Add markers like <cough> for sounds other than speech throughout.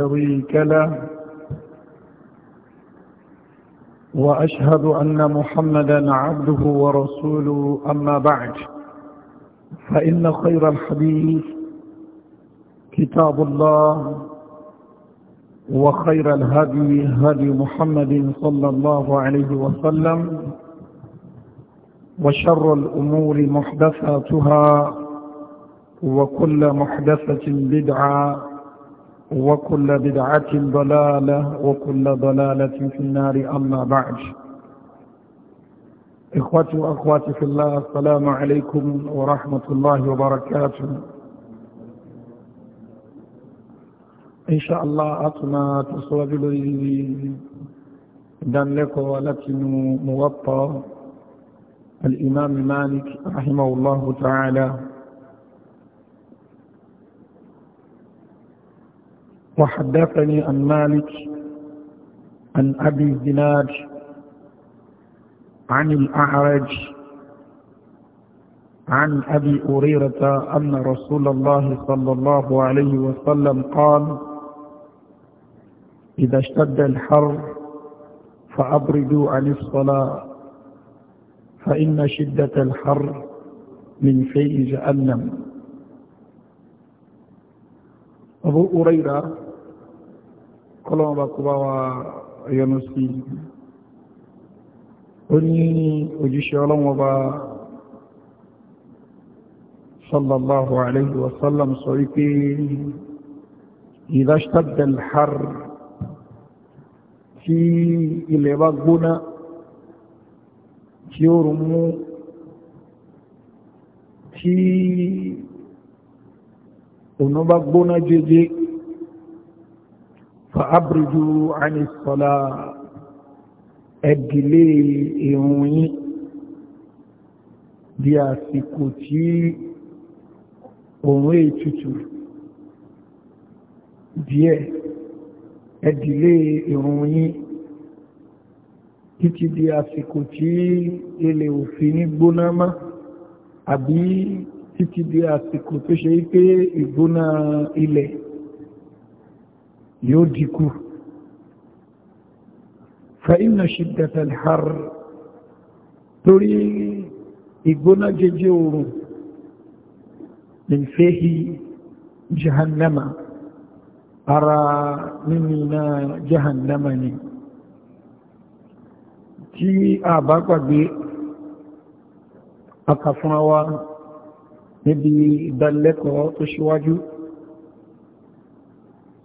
شريك له وأشهد أن محمدا عبده ورسوله أما بعد فإن خير الحديث كتاب الله وخير الهدي هدي محمد صلى الله عليه وسلم وشر الأمور محدثاتها وكل محدثة بدعة وكل بدعة ضلالة وكل ضلالة في النار أما بعد إخوتي وأخواتي في الله السلام عليكم ورحمة الله وبركاته إن شاء الله أتنا تصوب لي دان لكم ولكن موطّى الإمام مالك رحمه الله تعالى وحدثني عن مالك عن أبي زناد عن الأعرج عن أبي هريرة أن رسول الله صلى الله عليه وسلم قال إذا اشتد الحر فأبردوا عن الصلاة فإن شدة الحر من في جهنم أبو هريرة kọ́lọ́wọ́n bá kó bá wa yọ́nú sí ó ní òjíṣẹ́ ọlọ́wọ́n bá sallallahu alayhi wa sallam sọ wípé idha ishtadda al-har tí ilẹ̀ bá gbóná tí ó rùmú tí òun bá gbóná jẹjẹ́ fàábùrùjú àníṣọ́lá ẹ̀dìlé ìrun yín di àsìkò tí òun ètùtù díẹ̀ ẹ̀dìlé ìrun yín títí di àsìkò tí ilẹ̀ òfin ní gbóná má àbí títí di àsìkò tó ṣe pé ìgbóná ilẹ̀ yóò díkù fa'ina ṣiddatal har torí ìgbóná jẹjẹ oòrùn lèfèhì jahannama ara nínú iná jahannama ni tí a bá gbàgbé akàfún wa níbi ìdálẹ́kọ̀ọ́ tó ṣíwájú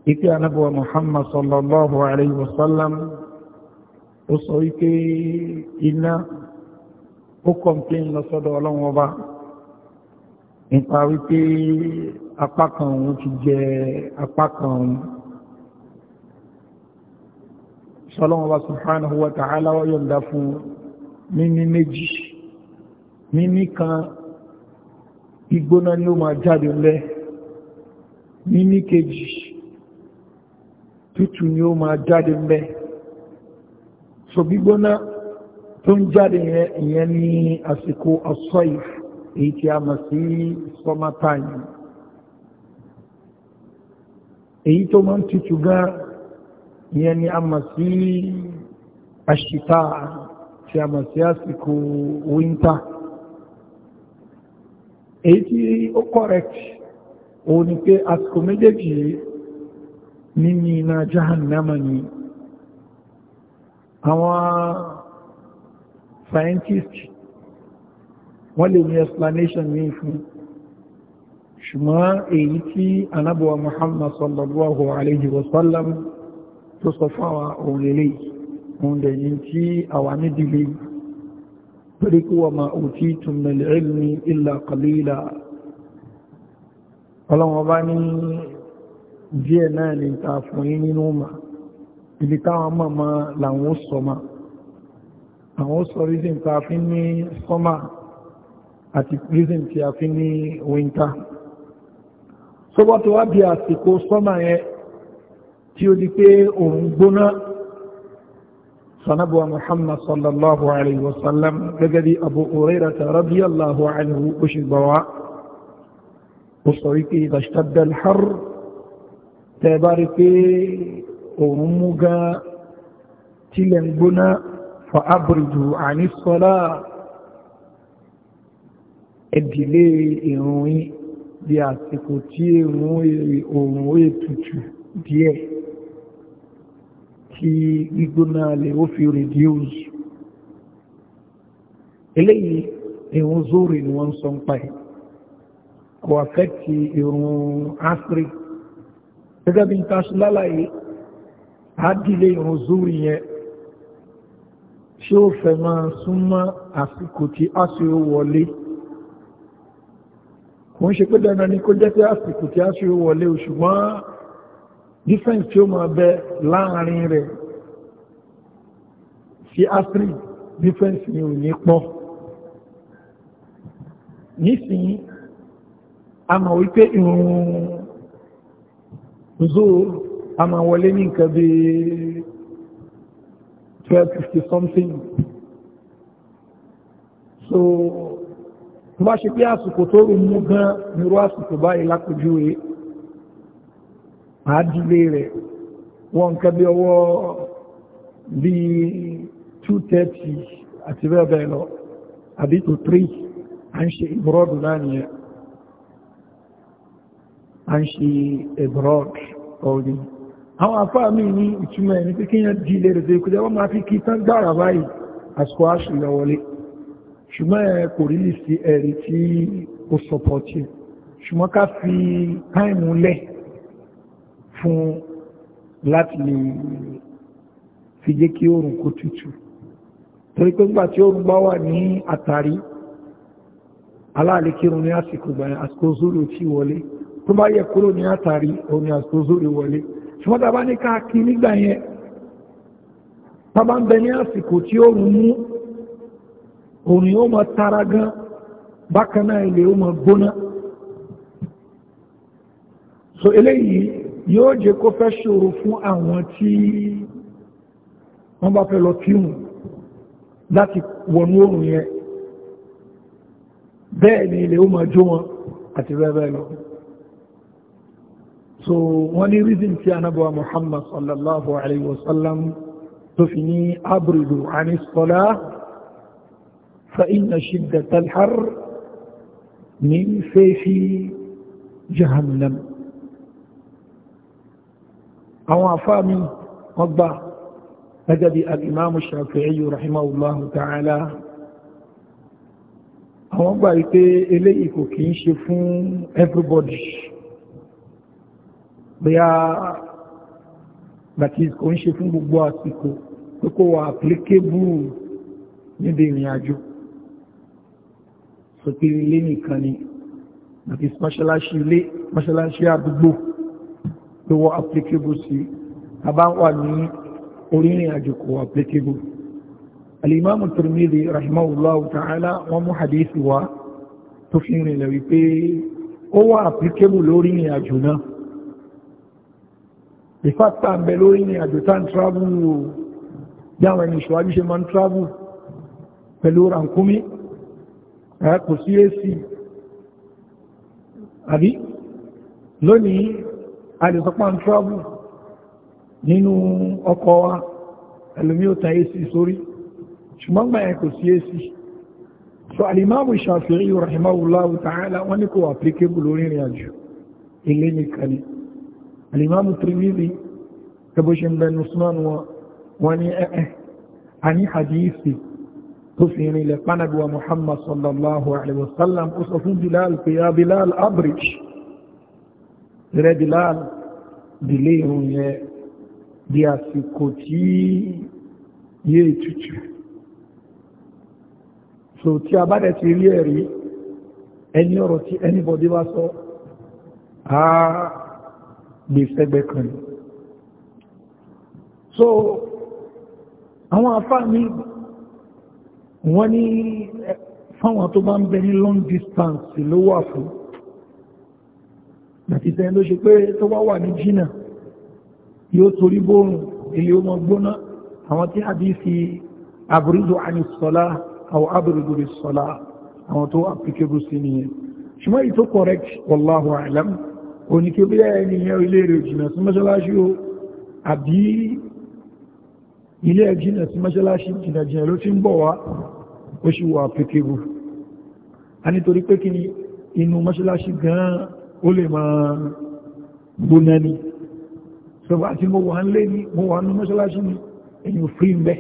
ike anabuwa muhammad sallallahu alayhi wa sallam ó sọ ike iná ó kọ̀mplain lọ ọlọ́run ọba nípa wípé apá òun ti jẹ apá òun sọlọ́run ọba subhanahu wa ta'ala wọ́n yọ̀ǹda fún mímí méjì mímí kan ìgbóná ni ó máa jáde lẹ́ mímí kejì tútù ni ó máa jáde ń bẹ́ so gbígbóná tó ń jáde ìyẹn ní àsìkò as-sayf èyí tí a mọ̀ sí summer time èyí tó máa ń tútù gan ìyẹn ni a mọ̀ sí àṣìta tí a mọ̀ sí àsìkò winter èyí tí ó correct òun ni pé àsìkò méjèèjì yìí níní iná jahannama ni àwọn scientist wọ́n lè ní explanation ní fún ṣùgbọ́n èyí tí anábọ̀wà Muhammad sallallahu alayhi wa sallam tó sọ fáwà òun lè òun dẹ̀ ní tí àwà nídìlé torí kí wọ́n ma òtí túnmẹ̀lẹ̀ ilmi illa qalila ọlọ́wọ́ bá ní díẹ̀ náà ní ta fún yí nínú ma ibi táwọn mọ̀mọ́ làwọn sọ ma àwọn ó sọ reason ta fi ní summer àti reason tí a fi ní winter sọ́bọ́ tó wá bí àsìkò summer yẹn tí ó di pé òun gbóná sanabuwa muhammad sallallahu alaihi wasallam gẹ́gẹ́ bí abu hurairah radiyallahu anhu ó ṣe gbọ́wá ó sọ wípé idha ishtadda al-harr tẹ́ bá rí pé òun mú gan tílẹ̀ ń gbóná fa ábùrìdù àníṣọ́lá ẹ̀dìlé ìrùn yìí bí àsìkò tí òun e, ó ètùtù díẹ̀ kí gbígbóná lè ó fi reduce eléyìí ìrùn zóòrè ni wọ́n sọ ń pa ẹ̀ kò affect ìrùn áfíríkà gẹ́gẹ́ bí ta ṣe lálàyé àdílé ìrun zúrì yẹn ṣé ó fẹ́ máa súnmọ́ àsìkò tí aṣíò wọlé kò ń ṣe pé dandan ni kó jẹ́ pé àsìkò tí aṣíò wọlé o ṣùgbọ́n difference tí ó máa bẹ láàrin rẹ̀ sí asiri difference ni ò ní pọ̀ nísìnyí a mọ̀ wípé ìrun zuhur a máa wọlé ní nǹkan bí 1250 something so tó bá ṣe pé àsìkò tó rùn mú gan nírú àsìkò báyìí lápójú rẹ̀ àádìlé rẹ̀ wọ́n nǹkan bí ọwọ́ bí 230 àti bẹ́ẹ̀ bẹ́ẹ̀ lọ àbí tó 3 à ń ṣe ìmúrọ́dù náà nìyẹn a ń ṣe abroad ọ̀rí àwọn àfáà mi ní ìtumọ̀ ẹni pé kí yẹn di ilé rẹ̀ kó jẹ́ wọ́n máa fi kí tán gbára báyìí àsìkò àṣù lọ wọlé ṣùgbọ́n ẹ kò rí lè sí ẹ̀rí tí ó sọpọ̀tì ṣùgbọ́n ká fi táìmù lẹ̀ fún láti lè fi jẹ́ kí oòrùn kó tutù torí pé nígbà tí oòrùn bá wà ní àtàrí aláàlékírun ní àsìkò gbàyàn àsìkò zoro ti wọlé tó bá yẹ kúrò ní àtàrí omi àsòzórí wọlé ṣùgbọ́n tá a bá ní káàkiri nígbà yẹn tá a bá ń bẹ ní àsìkò tí ó rùn mú òrùn yóò máa tara gan bákan náà ilẹ̀ yóò máa gbóná so eléyìí yóò jẹ́ kó fẹ́ ṣòro fún àwọn tí wọ́n bá fẹ́ lọ fíhùn láti wọnú òrùn yẹn bẹ́ẹ̀ ni ilẹ̀ yóò máa jó wọn àti bẹ́ẹ̀ bẹ́ẹ̀ lọ so wọ́n ní reason tí anábọ̀wà muhammad sallallahu alaihi wasallam tó fi ní abridu anisola fa'ina shidda talhar min fẹ́fí jahannam àwọn afámi wọ́n gbà gẹ́gẹ́ bí al'imamu shafi'i rahimahullahu ta'ala àwọn gbà wípé eléyìí kò kìí ṣe fún everybody bóyá bàtí kò ń ṣe fún gbogbo àsìkò pé kó wà applicable níbi ìrìn àjò sókè ilé nìkan ni àti mọ́ṣáláṣí ilé mọ́ṣáláṣí àdúgbò ló wọ́ applicable sí àbá wà ní orílẹ̀ àjò kò applicable alìmáàmù Tirmidhi rahimahullahu ta'ala wọ́n mú hadithi wa tó fi rìnlẹ̀ wípé ó wà applicable lórí ìrìn àjò náà ìfàtà ń bẹ lórí ní àjòtán travel jáwọn ẹni ṣọ́wájú ṣe máa ń travel pẹ̀lú rànkúmí kò sí èsì àbí lónìí àjòtọ́pá ń travel nínú ọkọ̀ wa ẹlòmí ò èsì sórí ṣùgbọ́n gbà yẹn sí èsì so alimamu Shafi'i rahimahullahu ta'ala wọ́n ní kò applicable lórí ìrìn àjò ilé nìkan ni alimamu tirmidhi gẹ́bọ́ ṣe ń bẹ nusman wọn wọ́n ní ẹ̀ẹ́ a ní hadithi tó fi rìn lẹ̀ pánàbíwa muhammad sallallahu alaihi wasallam ó sọ fún bilal pé ya bilal abridge rẹ bilal dìlé irun yẹ di àsìkò tí yé tutù so tí a bá dẹ̀ ti rí ẹ̀rí ẹni ọ̀rọ̀ tí anybody bá sọ àà gbé sẹ́gbẹ́ kan so àwọn afá mi wọ́n ní fáwọn tó bá ń bẹ ní long distance ló wà fún àti sẹ́yìn ló ṣe pé tó bá wà ní jìnnà yóò torí bóòrùn ilé ọmọ gbóná àwọn tí hadisi àbúrídò àníṣọ́lá àwọn àbúrídò rẹ̀ sọ́lá àwọn tó applicable sí nìyẹn ṣùgbọ́n ìtó correct wallahu alam òní kí bí ẹni yẹn ilé rẹ̀ jìnà sí mọ́ṣálásí o àbí ilé ẹ̀jìnà sí mọ́ṣálásí jìnà jìnà ló ti ń bọ̀ wá ó sì wà pẹ̀kẹ̀bù a nítorí pé kí ni inú mọ́ṣálásí gan ó lè máa gbóná ni sọba àti mo wà ń lé ní mo wà ń mọ́ṣálásí ni èyàn frí ń bẹ́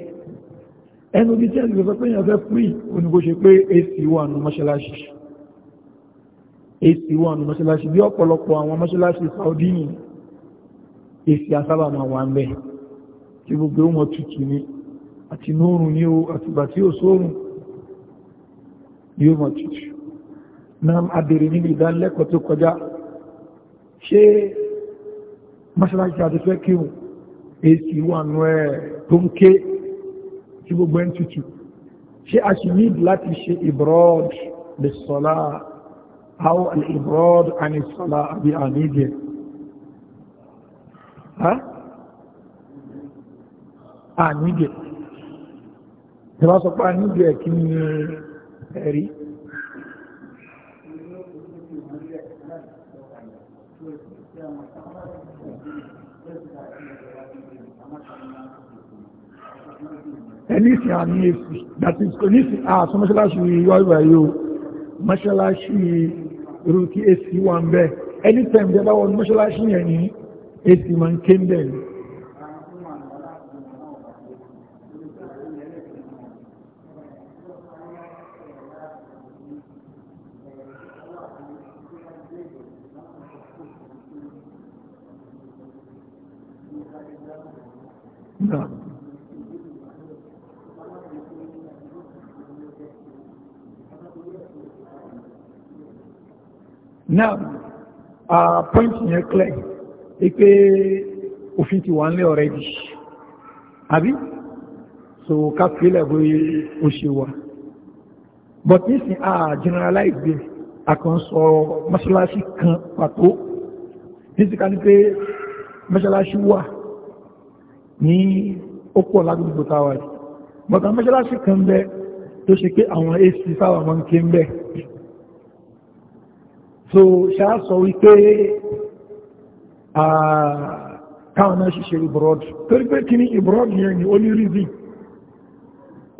ẹnu bí tí ẹni sọ pé èyàn fẹ́ frí onígbó ṣe pé èsì wà ń mọ́ṣálásí èsì wà ní mọ́ṣáláṣí bí ọ̀pọ̀lọpọ̀ àwọn mọ́ṣáláṣí Saudi ní èsì àsábà máa wà ń bẹ̀ tí gbogbo ọmọ tutù ní àti nóòrùn ní o àtìgbà tí ó sóòrùn ní ó mọ̀ tutù náà abèrè níbi ìdánilẹ́kọ̀ọ́ tó kọjá ṣé mọ́ṣáláṣí àti fẹ́ kírun èsì wà أو الإبراد عن الصلاة بأميده ها؟ أميده تبقى صفحة أميده كم أري ẹnìsìn àmì èsì that is kò ní sí àtúnmọ́ṣáláṣí yọ́ ìwà yóò mọ́ṣáláṣí irú kí èsì wà ń bẹ́ anytime jẹ́ báwọn mọ́ṣáláṣí yẹn ní èsì máa ń ké ń bẹ̀rẹ̀ Now, a point yẹn clear pé òfin ti wà ń lé already àbí so ká fílẹ̀ bó o ṣe wà but nísìn a generalize bí àkàn sọ mọ́ṣáláṣí kan pàtó nísìn ká ní pé mọ́ṣáláṣí wà ní ó pọ̀ lágbègbè táwà yìí but àwọn mọ́ṣáláṣí kan bẹ tó ṣe pé àwọn ac sáwà máa ń ké ń bẹ́ẹ̀ so ṣáà sọ wípé káwọn náà ṣiṣẹ́ ibrod torí pé kí ní ibrod yẹn ni ó ní rizin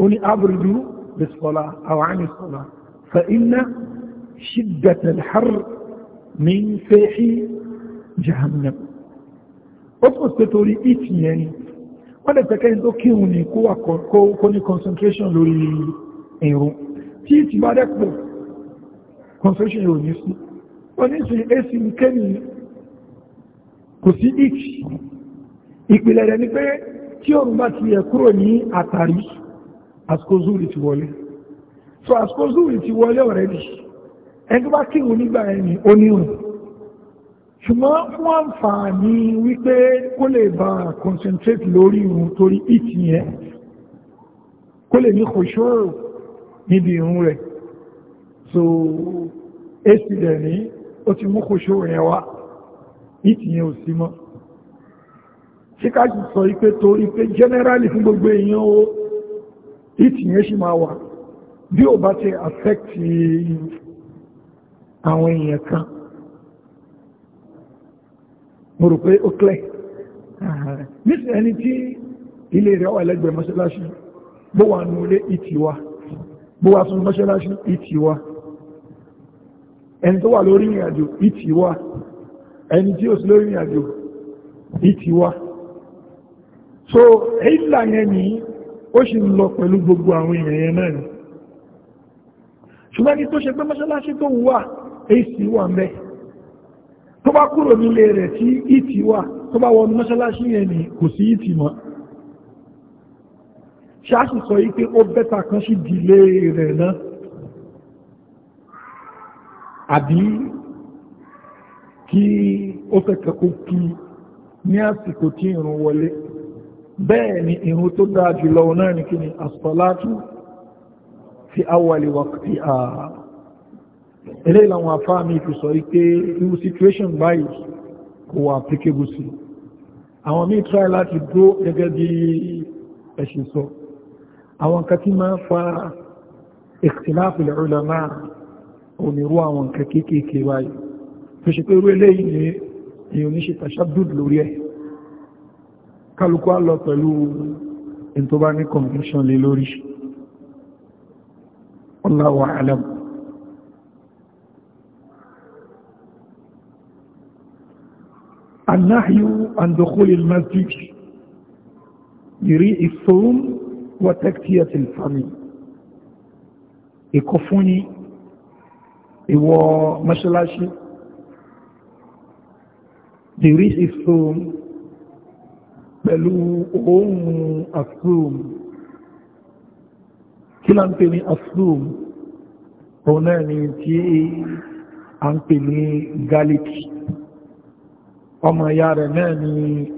ó ní abúrúdú bí sọ́lá àwọn àmì sọ́lá fa iná ṣídẹ̀tẹ̀ har ní fẹ́ẹ̀ṣí jahannam ó kò sí torí ìtì yẹn ni wọ́n lè tẹ́kẹ́ tó kíhun ní kó àkọ́kọ́ ní concentration lórí ìrun tí ìtì bá dẹ́pọ̀ concentration yóò ní sí oníṣì èsì ìkéni kò sí ìkì ìpìlẹ̀ rẹ̀ ni pé tí òun bá ti yẹ kúrò ní àtàrí àsìkò ti wọlé so àsìkò zúrì ti wọlé already ẹni tó bá kíhùn nígbà ẹni onírùn ṣùgbọ́n wọ́n ń fà ní wípé kó lè bá concentrate lórí ìrùn torí ìkì yẹn kó lè ní kòṣòrò níbi ìrùn rẹ̀ so èsì rẹ̀ ní ó ti mú kò ṣó rẹ̀ wá ìtìyàn ò sí mọ́ tí ká sì sọ ipé torí pé generally fún gbogbo èèyàn ó ìtìyàn sì máa wà bí ò bá ti affect àwọn èèyàn kan mo rò pé ó clear nísìn ẹni tí ilé rẹ̀ wà lẹ́gbẹ̀ẹ́ mọ́ṣáláṣí bó wà nù ilé ìtìwá bó wà sún mọ́ṣáláṣí ìtìwá ẹni tó wà lórí ìrìn àjò ìtì wá ẹni tí ó sí lórí ìrìn àjò ìtì wá so ìlà yẹn ni ó sì ń lọ pẹ̀lú gbogbo àwọn èèyàn yẹn náà ni ṣùgbọ́n ni tó ṣe pé mọ́ṣáláṣí tó wà èsì wà mẹ́ tó bá kúrò nílé rẹ̀ tí ìtì wà tó bá wọnú mọ́ṣáláṣí yẹn ni kò sí ìtì mọ́ ṣáàṣì sọ yí pé ó bẹ́ta kan sí dìlé rẹ̀ náà àbí kí ó fẹ́kẹ́ kó kí ní àsìkò tí ìrun wọlé bẹ́ẹ̀ ni ìrun tó dáa jùlọ náà ní kí ni as-salatu fi awwali waqtiha eléyìí làwọn afá mi fi sọ wípé irú situation báyìí kò wà applicable sí àwọn míì try láti dúró gẹ́gẹ́ bí ẹ̀ṣin sọ àwọn kan máa fa ikhtilaf al-ulama onírú àwọn nǹkan kéékèèké báyìí tó ṣe pé irú eléyìí ni èèyàn ní ṣe tàṣàdùd lórí ẹ̀ kálukú á lọ pẹ̀lú ẹni tó ní confusion lé lórí Allahu a'lam النهي عن دخول المسجد بريء الصوم وتكتية الفم ìkọ̀ ìwọ mọ́ṣáláṣí the rich is home pẹ̀lú ohun afroom kí la ń pè ní afroom òun náà ni tí a ń pè ní garlic ọmọ ìyá rẹ̀ náà ni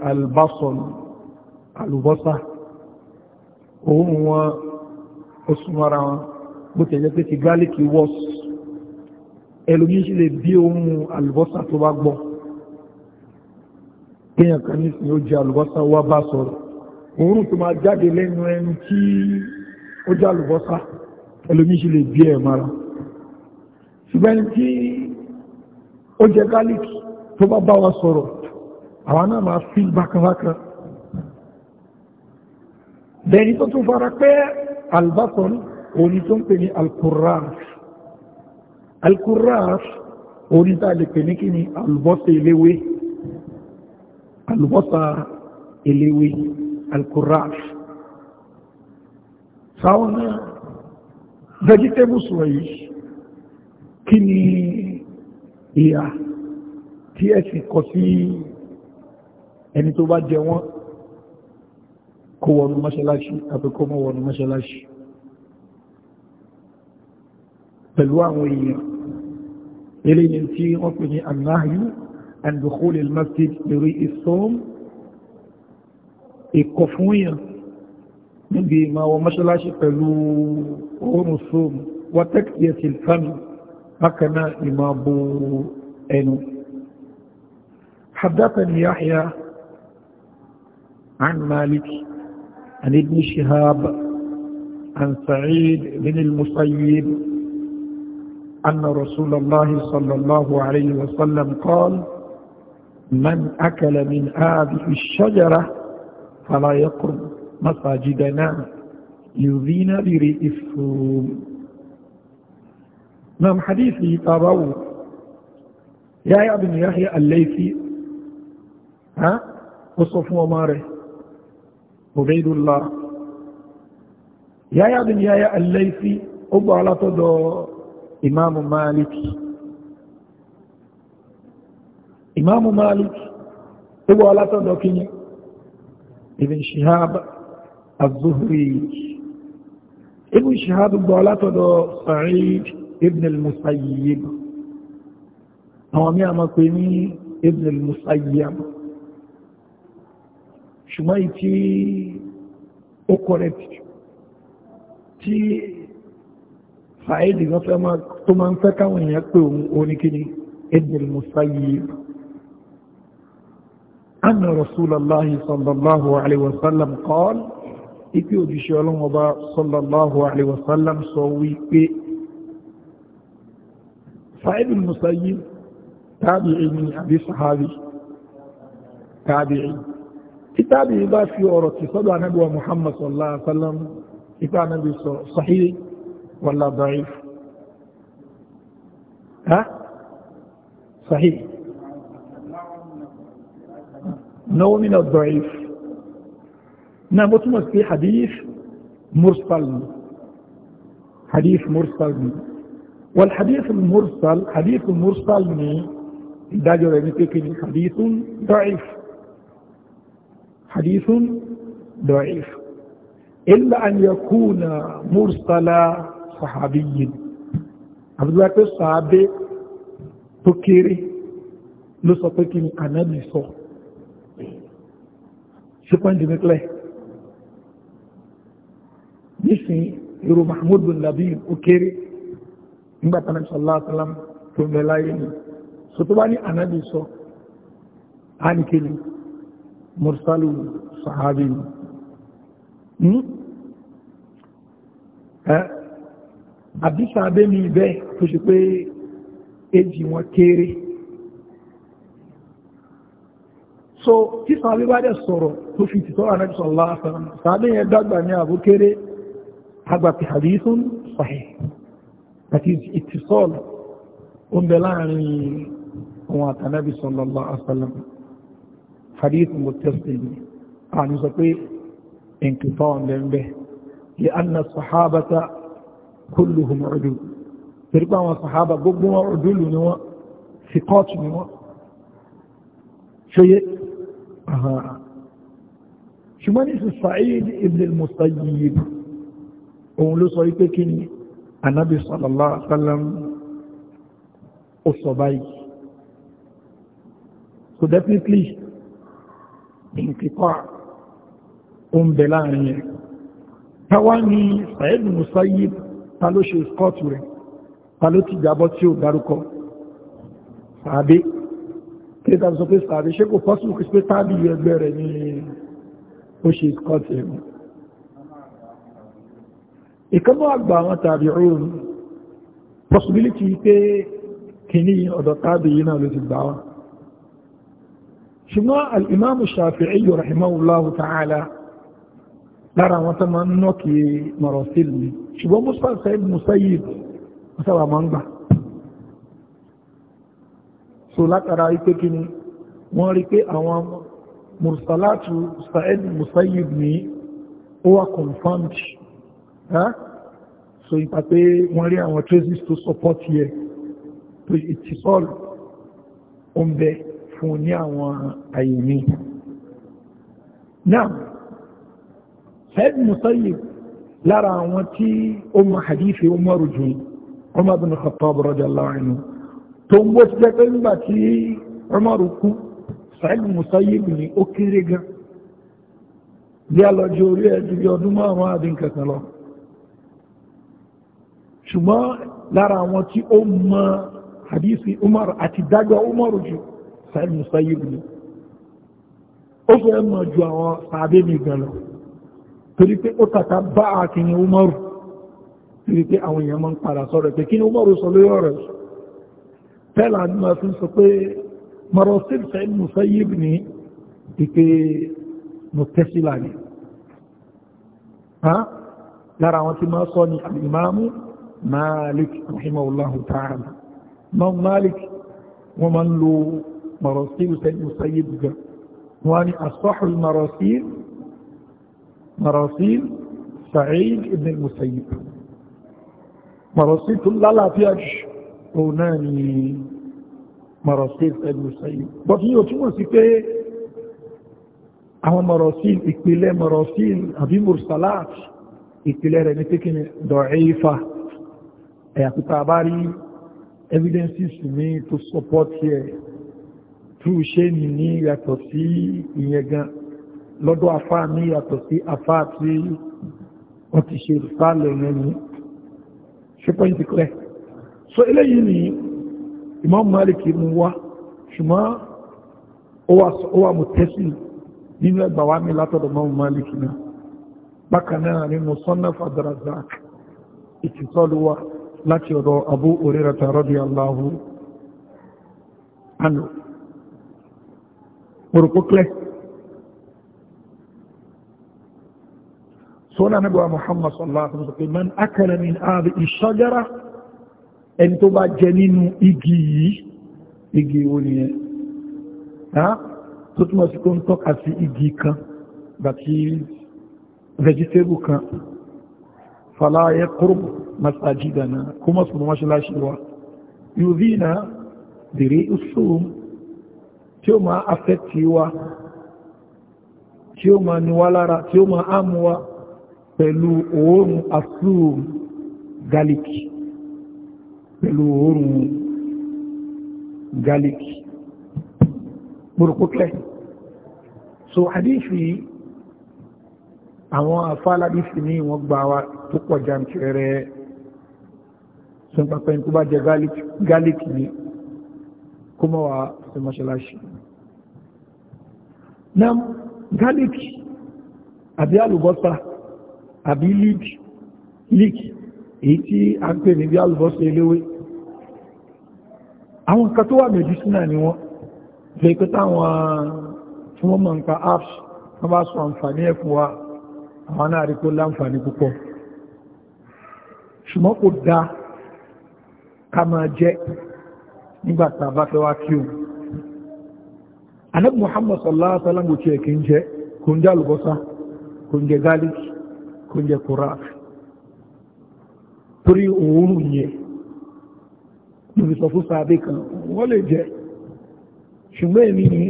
albasol alubọ́sà ohun wọn ó súnmọ́ra wọn bó tẹ̀lé pé ti garlic wọ́sù ẹlòmí ṣe lè bí ohun àlùbọ́sà tó bá gbọ́ kéèyàn kan ní sin ó jẹ àlùbọ́sà wá bá sọ̀rọ̀ òórùn tó máa jáde lẹ́nu ẹni tí ó jẹ àlùbọ́sà ẹlòmí ṣe lè bí ẹ̀ ṣùgbọ́n tí ó jẹ gálíkì tó bá bá wa sọ̀rọ̀ àwa náà máa fi bákanbákan bẹ́ẹ̀ni tó tún fara pẹ́ àlùbọ́sà òní tó ń pè ní alkùránì alkurras oríta lè pè ní kí ni alùbọ́sà eléwé alùbọ́sà eléwé alkurras sáwọn náà vegetables wọ̀nyí kí ni ìyà tí ẹ̀sìn kọ sí ẹni tó bá jẹ wọ́n kó wọnú mọ́ṣáláṣí àbíkó mọ́ wọnú mọ́ṣáláṣí فالواء مريم إلي في أطني النهي عن دخول المسجد لري الصوم إكفوية من ديما ومشى الله شفلو أون الصوم وتكتية الفم مكنا إمام أنو حدثني يحيى عن مالك عن ابن شهاب عن سعيد بن المصيب أن رسول الله صلى الله عليه وسلم قال من أكل من هذه الشجرة فلا يقرب مساجدنا يذين بريء الثوم نعم حديثي طابو يا يا ابن يحيى الليثي ها وصف وماره عبيد الله يا ابن يحيى الليثي أبو على تدور ìmáàmù máàlìkì ìmáàmù máàlìkì ó wọ́ látọ̀dọ̀ kí ni ibn shihab az-zuhri ibn shihab gbọ́ látọ̀dọ̀ sa'id ibn al-musayyib àwọn mí a máa pè ní ibn al-musayyib ṣùgbọ́n ìtí ó kọ̀rẹ̀ tí fàáìdì gan tó máa ń fẹ́ káwọn èèyàn pé òun oníkíní ibn musayyib anna rasulallah sallallahu alaihi wasallam qala ipe òjíṣẹ́ ọlọ́run ọba sallallahu alaihi wasallam sọ wípé fàáìdì musayyib tabi'i ni àbí sahabi tabi'i tí tabi'i bá fi ọ̀rọ̀ tí sọ́dọ̀ anábíwa muhammad sallallahu alaihi wasallam ipa anábí sọ sahihi ولا ضعيف ها صحيح نوع من الضعيف نعم وتمس في حديث مرسل حديث مرسل والحديث المرسل حديث المرسل ìdájọ́ rẹ̀ حديث ضعيف ní hadithun da'if hadithun da'if illa sàábé yìí àbúrò pé sàábé tó kéré ló sọ pé kí ni ànábì sọ ṣe pọ́ǹdì nípìnlẹ̀ nísìn irú mahmud bin labib ó kéré nígbà tánà sallallahu alaihi wasallam tó ń bẹ láyé ni so tó bá ní ànábì sọ á ní kí ni àbísà abẹ́mi bẹ́ẹ̀ tó ṣe pé èjì wọn kéré so tí sàbí bá dẹ̀ sọ̀rọ̀ tó fi ti sọ́rọ̀ anájú sọ̀rọ̀ lásán sàbí yẹn dàgbà ní àbú kéré agbàtí hadithun sahih àti ìtìsọ́ọ̀lù ó ń bẹ láàrin òun àtànábì sallallahu alaihi wasallam hadith muttasil àní sọ pé ìǹkìtọ́ ọ̀nbẹ̀ńbẹ̀ li anna sahabata kulluhum udul torí pé àwọn sàhábà gbogbo wọn udulu ni wọ́n fi kọ́ọ̀tù ni wọ́n ṣóyé ṣùgbọ́n ní sí Sa'id ibn al-Musayyib òun ló sọ wípé kí ni anábì sallallahu alaihi wasallam ó sọ báyìí so definitely nkikọ́ ó ń bẹ láàrin yẹn ta ló ṣe skọ́ọ̀tù rẹ̀ ta ló ti jábọ́ tí ó dárúkọ sàábé tẹ́ta sọ pé sàábé ṣe kò fọ́sùn kìí pé tábí ẹgbẹ́ rẹ̀ ní ó ṣe skọ́ọ̀tù rẹ̀ ìkọ́bọ̀ àgbà àwọn tàbí òun possibility pé kìíní ọ̀dọ̀ tábí yìí náà ló ti gbà wọn ṣùgbọ́n al-imam shafi'i rahimahullahu ta'ala lára àwọn tó máa ń nọ́ọ̀kì mọ̀rọ̀sílù ni ṣùgbọ́n musa said musayid musawa máa ń gbà so látara ipé kí ni wọ́n rí pé àwọn mursalatu said musayid ni ó wà confirmed so ipa pé wọ́n rí àwọn traces tó support yẹ tó ìtìsọ́l oúnjẹ fún ní àwọn àyè mi náà Said Musayyib lára àwọn tí ó mọ hadithi Umar jù Umar bin Khattab radiyallahu anhu tó ń bó ti jẹ́ pé nígbà tí Umar kú Said Musayyib ni ó kéré gan bí a lọ jẹ orí ẹ̀ ju bí ọdún márùn-ún àdín kẹta lọ ṣùgbọ́n lára àwọn tí ó mọ hadithi Umar àti dájọ́ Umar jù Said Musayyib ni ó fẹ́ mọ̀ ju àwọn sàbẹ̀ gan lọ torí pé ó tàkà bá àkíní umaru torí pé àwọn èèyàn máa ń padà sọ́rọ̀ pé kí ni umaru sọ lórí ọ̀rọ̀ tẹ́lá ní ma fi ń sọ pé marosil sa'id musayyib ni ìpé mutasila ni lára àwọn tí máa sọ ni alìmáàmù malik rahimahullahu ta'ala ma malik wọ́n máa ń lo marosil sa'id musayyib gan wọ́n ni asọ́hùl marosil مراسيل سعيد ibn المسيب مراسيل marasil لا lálàáfíà jù òun náà ni marasil ibn al-musayyib but ní o túnmọ̀ sí pé àwọn marasil ìpìlẹ̀ marasil àbí mursalat ìpìlẹ̀ rẹ̀ ní pẹ́kín dọ̀ẹ́fà ẹ̀yàkútà bá rí evidences mi tó support here tó ṣe ní yàtọ̀ lọ́dọ̀ afá ní yàtọ̀ sí afá tí wọ́n ti ṣe ìsàlẹ̀ yẹn ni ṣe pọ́ìntì pẹ́ so eléyìí ni Imam Malik mú wá ṣùgbọ́n ó wà mú tẹ́sí nínú ẹgbà wá mi látọ̀dọ̀ Imam Malik náà bákan náà ni Musannaf ad ìtìsọ́lù wa láti ọ̀dọ̀ Abu Hurairah radiyallahu anhu Mọ̀rọ̀kọ́ clear sọ́nà nígbà Muhammad sallallahu alaihi wasallam man akala min ààbì ìṣọ́jára ẹni tó bá jẹ nínú igi yìí igi wo ni ẹ tó túnmọ̀ sí kó ń tọ́ka sí igi kan bàtí vegetable kan fala yaqrub masajidana kó mọ̀ sọ̀rọ̀ mọ́ṣáláṣí wa yudhina bèrè ìṣòro tí ó máa afẹ́ tiwa tí ó máa niwá tí ó máa ámuwa pẹ̀lú òórùn afúrù gálíkì pẹ̀lú òórùn gálíkì burúkútlẹ̀ so hadithi àwọn afálàdífì ní wọ́n gbà wá tó pọ̀ jàǹtẹ̀rẹ̀ sọ́pàpẹ́ tó bá jẹ gálíkì ní kó mọ́ wá sí mọ́ṣáláṣí náà gálíkì àbí àlùbọ́sà àbí leak èyí tí a ń pè ní bí alùbọ́sẹ̀ eléwé àwọn nǹkan tó wà mẹ́dísínà ni wọ́n lè pẹ́ táwọn tí apps wọ́n bá sọ àǹfààní ẹ̀ fún wa àwọn náà rí kó láǹfààní púpọ̀ ṣùgbọ́n kò dá ká máa jẹ́ nígbàtà bá fẹ́ wá kí o anábì Muhammad sallallahu alaihi wasallam kò tiẹ̀ ń jẹ kò ń jẹ àlùbọ́sà kò ń jẹ gálíkì kó jẹ́ korak torí òórùn yẹn lórí sọ fún sàábé kan wọ́n lè jẹ́ ṣùgbọ́n èmi ni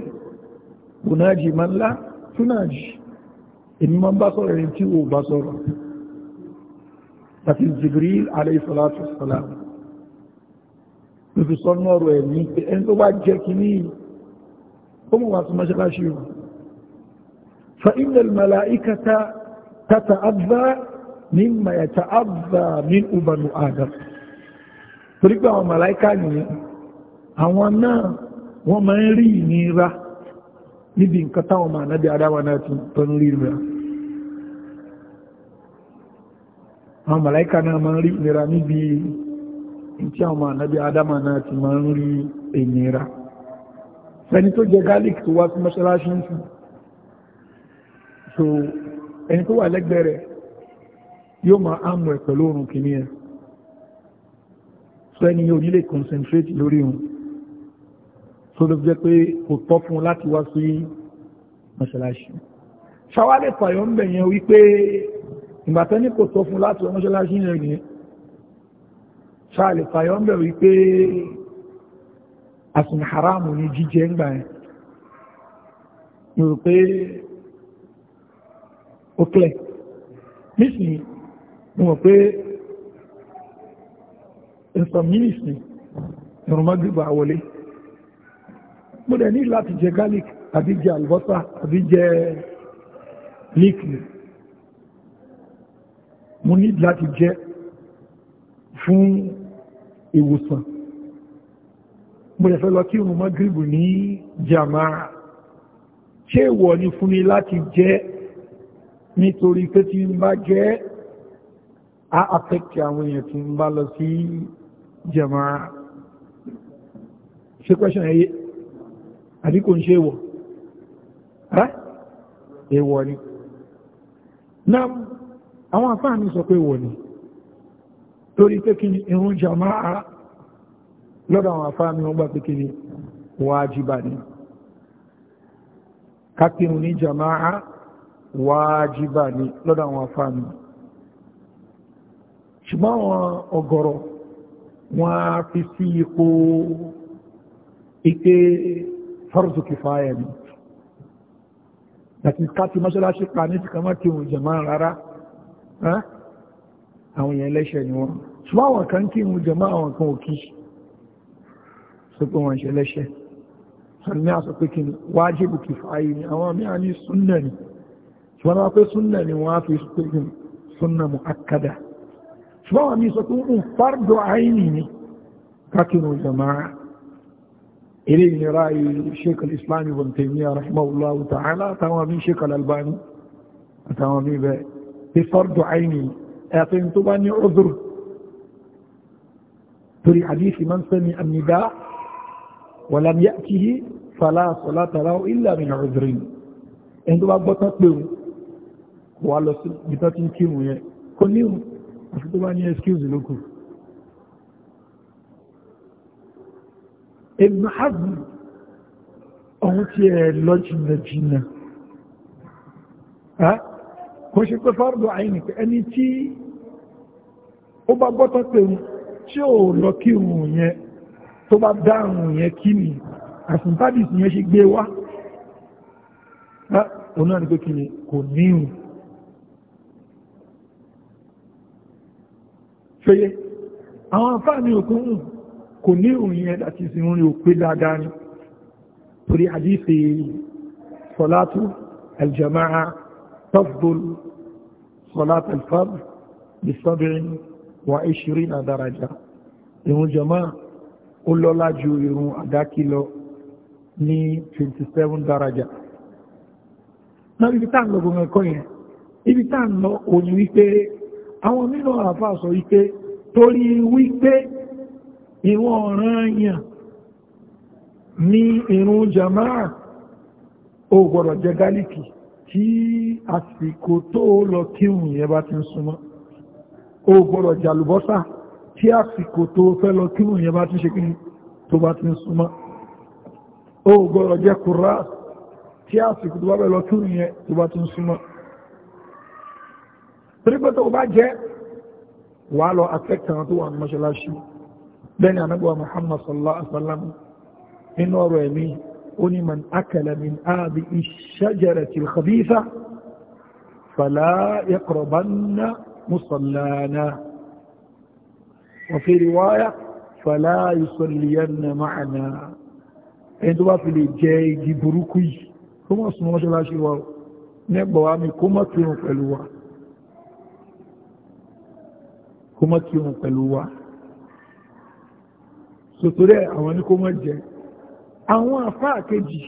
bùnájì máa ńlá túnájì èmi máa ń bá sọ̀rọ̀ ẹni tí ó bá sọ̀rọ̀ àti Jibril alayhi salatu wassalam lórí nọ́rọ̀ ẹ̀mí pé ẹni tó bá jẹ́ kí ní ó mọ̀ wá sí mọ́ṣáláṣí fa innal malaikata tàtàáza mimma yata'adha minhu banu Adam torí pé àwọn màláíkà nìyẹn àwọn náà wọ́n máa ń rí ìnira níbi nǹkan táwọn máa nábi adáwà náà ti tọ́nú rí ìnira àwọn màláíkà náà máa ń rí ìnira níbi tí àwọn máa nábi adáwà ẹni tó wà lẹ́gbẹ̀ẹ́ rẹ̀ yóò máa ámù ẹ̀ pẹ̀lú oorun kìíní ẹ̀ so ẹni yóò nílé concentrate lórí wọn so ló jẹ́ pé kò tọ́ fún láti wá sí mọ́ṣáláṣí ṣàwálẹ̀ pààyàn ń bẹ̀ yẹn wípé ìgbàtẹ́ ní kò tọ́ fún láti wá mọ́ṣáláṣí yẹn nìyẹn ṣàlẹ̀ pààyàn ń bẹ̀ wípé àsùn haramu ni jíjẹ ń gbà yẹn ó clear nísìnyí mo mọ̀ pé ìsọ̀mílìs ni ìrùn mọ́gbìgbà wọlé mo dẹ̀ ní láti jẹ garlic àbí jẹ àlùbọ́sà àbí jẹ leek ni mo ní láti jẹ fún ìwòsàn mo dẹ̀ fẹ́ lọ kí ìrùn mọ́gbìgbà ní jàmáà ṣé ìwọ̀ ni fún mi láti jẹ́ nítorí pé tí ń bá jẹ́ á àfẹ́kì àwọn èèyàn tí ń bá lọ sí jàmáà ṣe kwẹ́ṣàn ẹ̀yẹ àbí kò ń ṣe wọ̀ ẹ́ èèwọ̀ ni náà àwọn àfáàní sọ pé wọ̀ ni torí pé kí irun jàmáà lọ́dọ̀ àwọn àfáàní wọ́n gbà pé kí ni wájìbà ni kápẹ́rún ní jàmáà wájíbà ní lọ́dọ̀ àwọn afáàmì ṣùgbọ́n àwọn ọ̀gọ̀rọ̀ wọ́n á fi sí ipò ike farzu kifaya ni àti káti mọ́ṣáláṣí pa ní ti kama kí òun jẹ̀mọ́ rárá àwọn èèyàn ẹlẹ́ṣẹ̀ ni wọ́n ṣùgbọ́n àwọn kan kí òun jẹ̀mọ́ àwọn kan òkí sọ́pọ̀ wọn ṣẹlẹ́ṣẹ̀ sọ́nà pé kí ni wájíbù ni àwọn ṣùgbọ́n wọ́n pé súnnà ni wọ́n fi pín súnnà mú akada ṣùgbọ́n wọ́n mi sọ pé ń fardo àìní ni kákinu jama'a ilé ìnira sheikh al-islam ibn taymiyyah rahimahullahu ta'ala àtàwọn mi sheikh al-albani àtàwọn mi bẹ́ẹ̀ pé fardo àìní ẹ̀fẹ́ tó bá ní ọdún torí àdífi man sami annida walam ya'tihi fala salata lahu illa min udhrin ẹni tó bá gbọ́tán pé kò wá lọ sí ìbítọ́ tí ń kírun yẹn kò ní o àfi tó bá ní excuse lókù Ibn Hazm ọ̀hún ti ẹ̀ lọ jìnà jìnà kò ṣe pé fárúdọ̀ àìní pé ẹni tí ó bá gbọ́tọ̀ pé tí ò lọ kírun yẹn tó bá dáhùn yẹn kí ni àfùntádìsì yẹn ṣe gbé wá ọ̀nà ni pé kí ni kò níhùn péye àwọn àǹfààní òkun hùn kò ní òyìn ẹ̀dà ti sin orin òpé dáadáa ni torí àdífè sọlátù aljama'a tafdol sọlátù alfab bí sọ́bìrin wà ìṣirí na dáraja ìrun jama'a ó lọ́lá ju ìrun àdákí lọ ní 27 dáraja náà ibi tá lọ gbogbo ẹ̀kọ́ yẹn ibi tá lọ òní wípé àwọn nínú àfà sọ wípé torí wípé ìwọ̀n ọ̀ranyàn ní irun jama'a ó gbọ́dọ̀ jẹ gálíkì tí àsìkò tó lọ kírun yẹn bá ti ń súnmọ́ ó gbọ́dọ̀ jàlùbọ́sà tí àsìkò tó fẹ́ lọ kírun yẹn bá ti ṣe kí tó bá ti ń súnmọ́ ó gbọ́dọ̀ jẹ kùrá tí àsìkò tó bá fẹ́ lọ kírun yẹn tó bá ti ń súnmọ́ torí pé tó o bá jẹ́ wàá lọ affect àwọn tó wà ní mọ́ṣáláṣí bẹ́ẹ̀ ni anábọ̀ Muhammad sallallahu alaihi wa sallam nínú ọ̀rọ̀ ẹ̀mí ó ní man akala min áàbí ash-shajarati al-khabitha fala yaqrabanna musallana wa fi riwaya fala yusalliyanna ma'ana ẹni tó bá fi lè jẹ igi burúkú yìí kó mọ̀ sún mọ́ṣáláṣí wa nẹ́gbọ̀wá mi kó mọ̀ kírun pẹ̀lú wa kó mọ́ kí wọn pẹ̀lú wa sòtòrí àwọn ní kó mọ́ jẹ àwọn àfá àkejì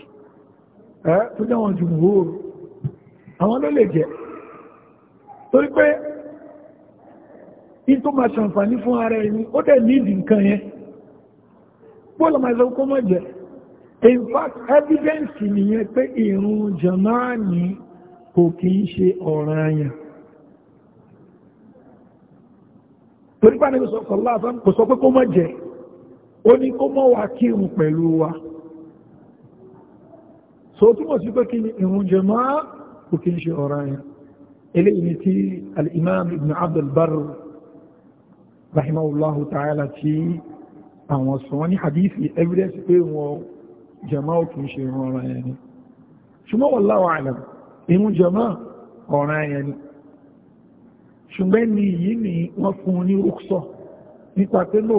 ẹ́ tó jẹ́ wọn jùmúhóòrò àwọn ló lè jẹ torí pé in tó máa ṣàǹfàní fún ara ẹni ó dẹ̀ nídìí nǹkan yẹn bọ́ọ̀lù máa sọ kó mọ́ jẹ in fact evidence nìyẹn pé ìrun jàmáà ní kò kìí ṣe ọ̀ranyàn torí bá níbi sọ sọlá àtàn kò sọ pé kó má jẹ ó ní kó má wá kírun pẹ̀lú wa so túmọ̀ sí pé kí ni ìrun jàmáà kò kí n ṣe ọ̀rọ̀ yẹn eléyìí ni tí al ibn abdul rahimahullahu ta'ala ti àwọn sọ wọ́n ní hadithi evidence pé wọn jàmáà ò kí n ṣe ìrun yẹn ni ṣùgbọ́n wallahu a'lam ìrun jàmáà ọ̀rọ̀ yẹn ni ṣùgbẹ́ ni yìí ni wọ́n fún ní òkúsọ̀ nípa pé lò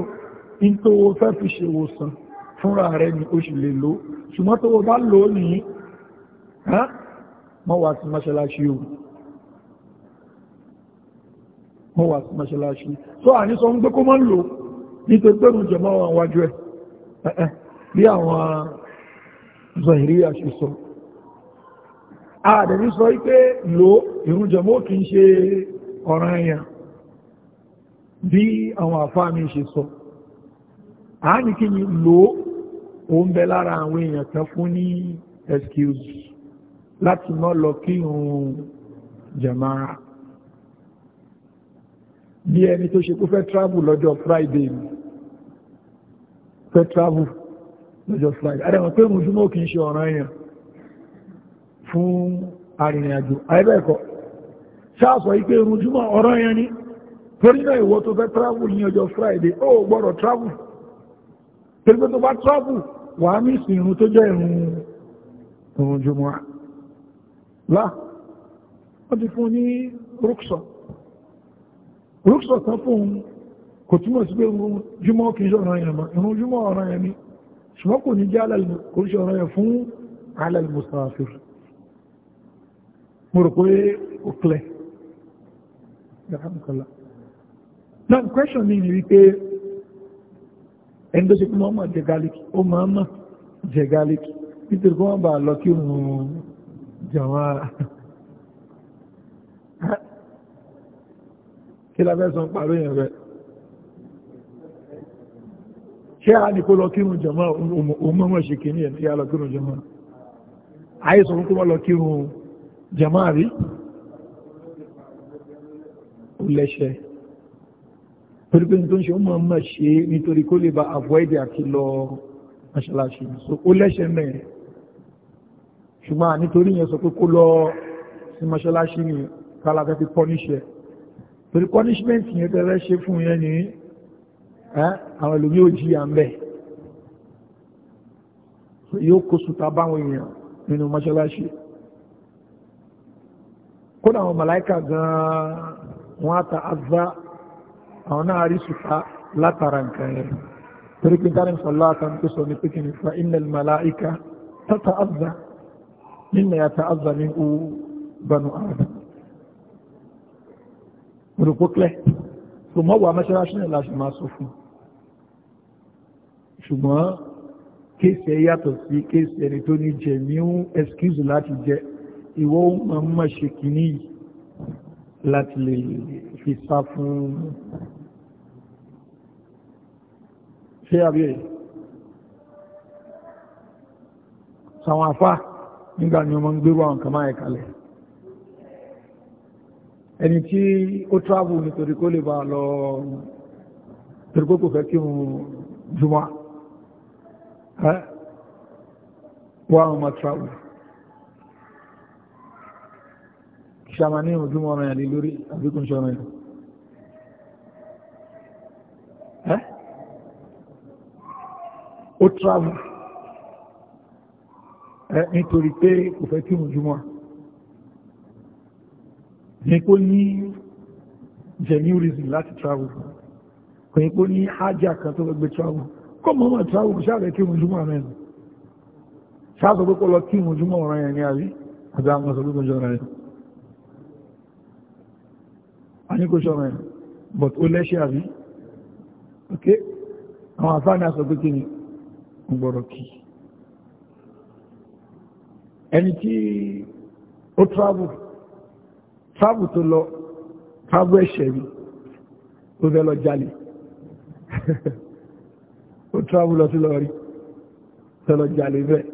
ní tó o fẹ́ fi ṣe ìwòsàn fúnra rẹ̀ ni ó sì lè lò ṣùgbọ́n tó o bá lò ó nìyí mọ́ wà sí mọ́ṣáláṣí o mọ́ wà sí mọ́ṣáláṣí tó à ní sọ ń gbé kó mọ́ ń lò nítorí pé rùn jẹmọ́ ọ̀ràn ẹ̀yàn bí àwọn àfáàmì ṣe sọ a ní kí ni lò ó ń bẹ lára àwọn èèyàn kan fún ní excuse láti mọ́ lọ kí òun jàmáà bí ẹni tó ṣe kó fẹ́ travel lọ́jọ́ Friday ni fẹ́ travel lọ́jọ́ Friday adẹ́mọ̀ pé mùsùlùmọ́ kìí ṣe ọ̀ràn èèyàn fún arìnrìn àjò ayébẹ́ẹ̀kọ́ sáàsọ̀ ipé irunjúmọ̀ ọ̀rọ̀ yẹn ni torí náà ìwọ tó fẹ́ travel ní ọjọ́ friday ó gbọ́dọ̀ travel torí pé tó bá travel wàá ní ìsìn irun tó jẹ́ irun irunjúmọ̀ lá wọ́n ti fún ní rúksọ rúksọ kan fún kò túmọ̀ sí pé irunjúmọ̀ kì í ṣe ọ̀rọ̀ yẹn mọ́ irunjúmọ̀ ọ̀rọ̀ yẹn ni ṣùgbọ́n kò ní jẹ́ kò ọ̀rọ̀ yẹn fún alal mo rò pé ó clear alhamdulillah now question mi ni wípé ẹni tó ṣe kí wọ́n mọ̀ jẹ garlic ó máa mọ̀ jẹ garlic nítorí kí wọ́n bá lọ kí òun jẹun ara kí la fẹ́ sọ pàrọ̀ yẹn rẹ̀ ṣé a ní kó lọ kírun jọmọ́ òun mọ̀ ṣe kìíní ẹ̀ ní yà lọ kírun jọmọ́ àyè sọ fún kó wọ́n lọ kírun jọmọ́ rí lẹ́ṣẹ́ torí pé tó ń ṣe ó mọ̀ mọ̀ ṣe nítorí kó lè ba avoid àti lọ mọ́ṣáláṣí so ó lẹ́ṣẹ́ mẹ́rin ṣùgbọ́n nítorí yẹn sọ pé kó lọ sí mọ́ṣáláṣí ni kálàfẹ́ fi pọ́níṣẹ́ torí punishment yẹn tẹ́lẹ̀ ṣe fún yẹn ni àwọn ẹlòmí ò jìyà ń bẹ̀ yóò kó sùtà báwọn èèyàn nínú mọ́ṣáláṣí kódà àwọn màláìkà gan-an wọ́n á ta azá àwọn náà rí ṣùfà látara nǹkan yẹn torí pé dárin sọ̀lá àtàn tó sọ ní pé kí ni fa innal malaika tata azá nínú ya ta azá ní ó banu adam rúpó klẹ̀ tó mọ́ wà mẹ́ṣẹ́ráṣí náà láti máa sọ fún ṣùgbọ́n kéèsì ẹ yàtọ̀ sí kéèsì ẹni tó ní jẹ ní láti jẹ ìwọ ó máa ń máa láti lè fi sá fún ṣé àbíyè sàwọn afá nígbà ni wọ́n ń gbérú àwọn kan máa ẹ̀kalẹ̀ ẹni tí ó travel nítorí kó lè bá lọ torí kó kò fẹ́ kí wọn jùmọ́ wọ́n á máa ṣàmàní ojúmọ́ ọmọ ẹ̀lẹ́ lórí àbíkún ṣọmọ ẹ̀ ẹ́ ó travel ẹ́ nítorí pé kò fẹ́ kí ojúmọ́ ní kó ní genuine reason láti travel kò ní kó ní ájá kan tó gbé travel kọ́ mọ́ mọ́ travel kò ṣáàrẹ̀ kí ojúmọ́ ọmọ ẹ̀lẹ́ ṣáàsọ̀ pé kọ́ lọ kí ojúmọ́ ọ̀rọ̀ ẹ̀ ní àrí àbí àwọn ọ̀sọ̀ pé kò jọ ẹ̀ ní kò ṣọ́rọ̀ ẹ̀ but ó lẹ́ṣẹ́ àrí ok àwọn àfáàní aṣọ pé kí ni ń gbọ́rọ̀ kí ẹni tí ó travel travel tó lọ travel ẹ̀ṣẹ̀ rí ó fẹ́ lọ jalè <laughs> ó travel lọ sí lọ rí fẹ́ lọ jalè bẹ́ẹ̀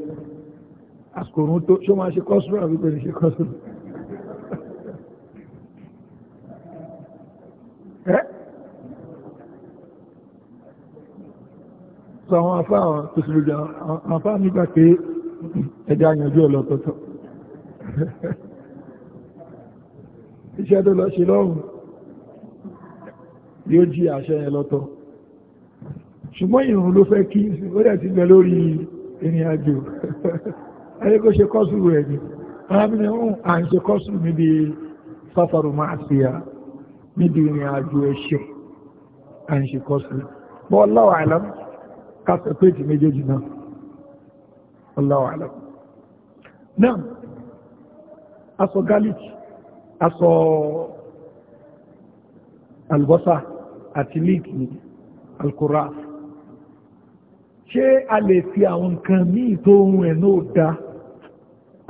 àsìkò òun tó ṣó máa ṣe kọ́sùrù àbí ní ṣe kọ́sùrù ọ̀tọ̀ọ̀tọ̀ àwọn afá àwọn tó sì lójú àwọn afá nígbà pé ẹja yanjú ọ̀lọ̀ ọ̀tọ̀ọ̀tọ̀ <laughs> iṣẹ́ tó lọ ṣe lọ́rùn yóò jí àṣẹ yẹn lọ́tọ̀ ṣùgbọ́n ìrùn ló fẹ́ kí ó dẹ̀ ti bẹ lórí ìrìn àjò ẹni <laughs> kó ṣe kọ́sù rẹ̀ ni arábìnrin ọ̀hún à ń ṣe kọ́sù níbi sáfàrù máa ṣe à níbi ìrìn àjò ẹ̀ṣẹ̀ à ń ṣe kọ́sù bọ́ láwàá kásẹ̀ péjì méjèèjì náà Allahu alam náà aṣọ garlic aṣọ albọ́sà àti líìkì alkùrá ṣé a lè fi àwọn nǹkan míì tó ohun ẹ̀ náà dá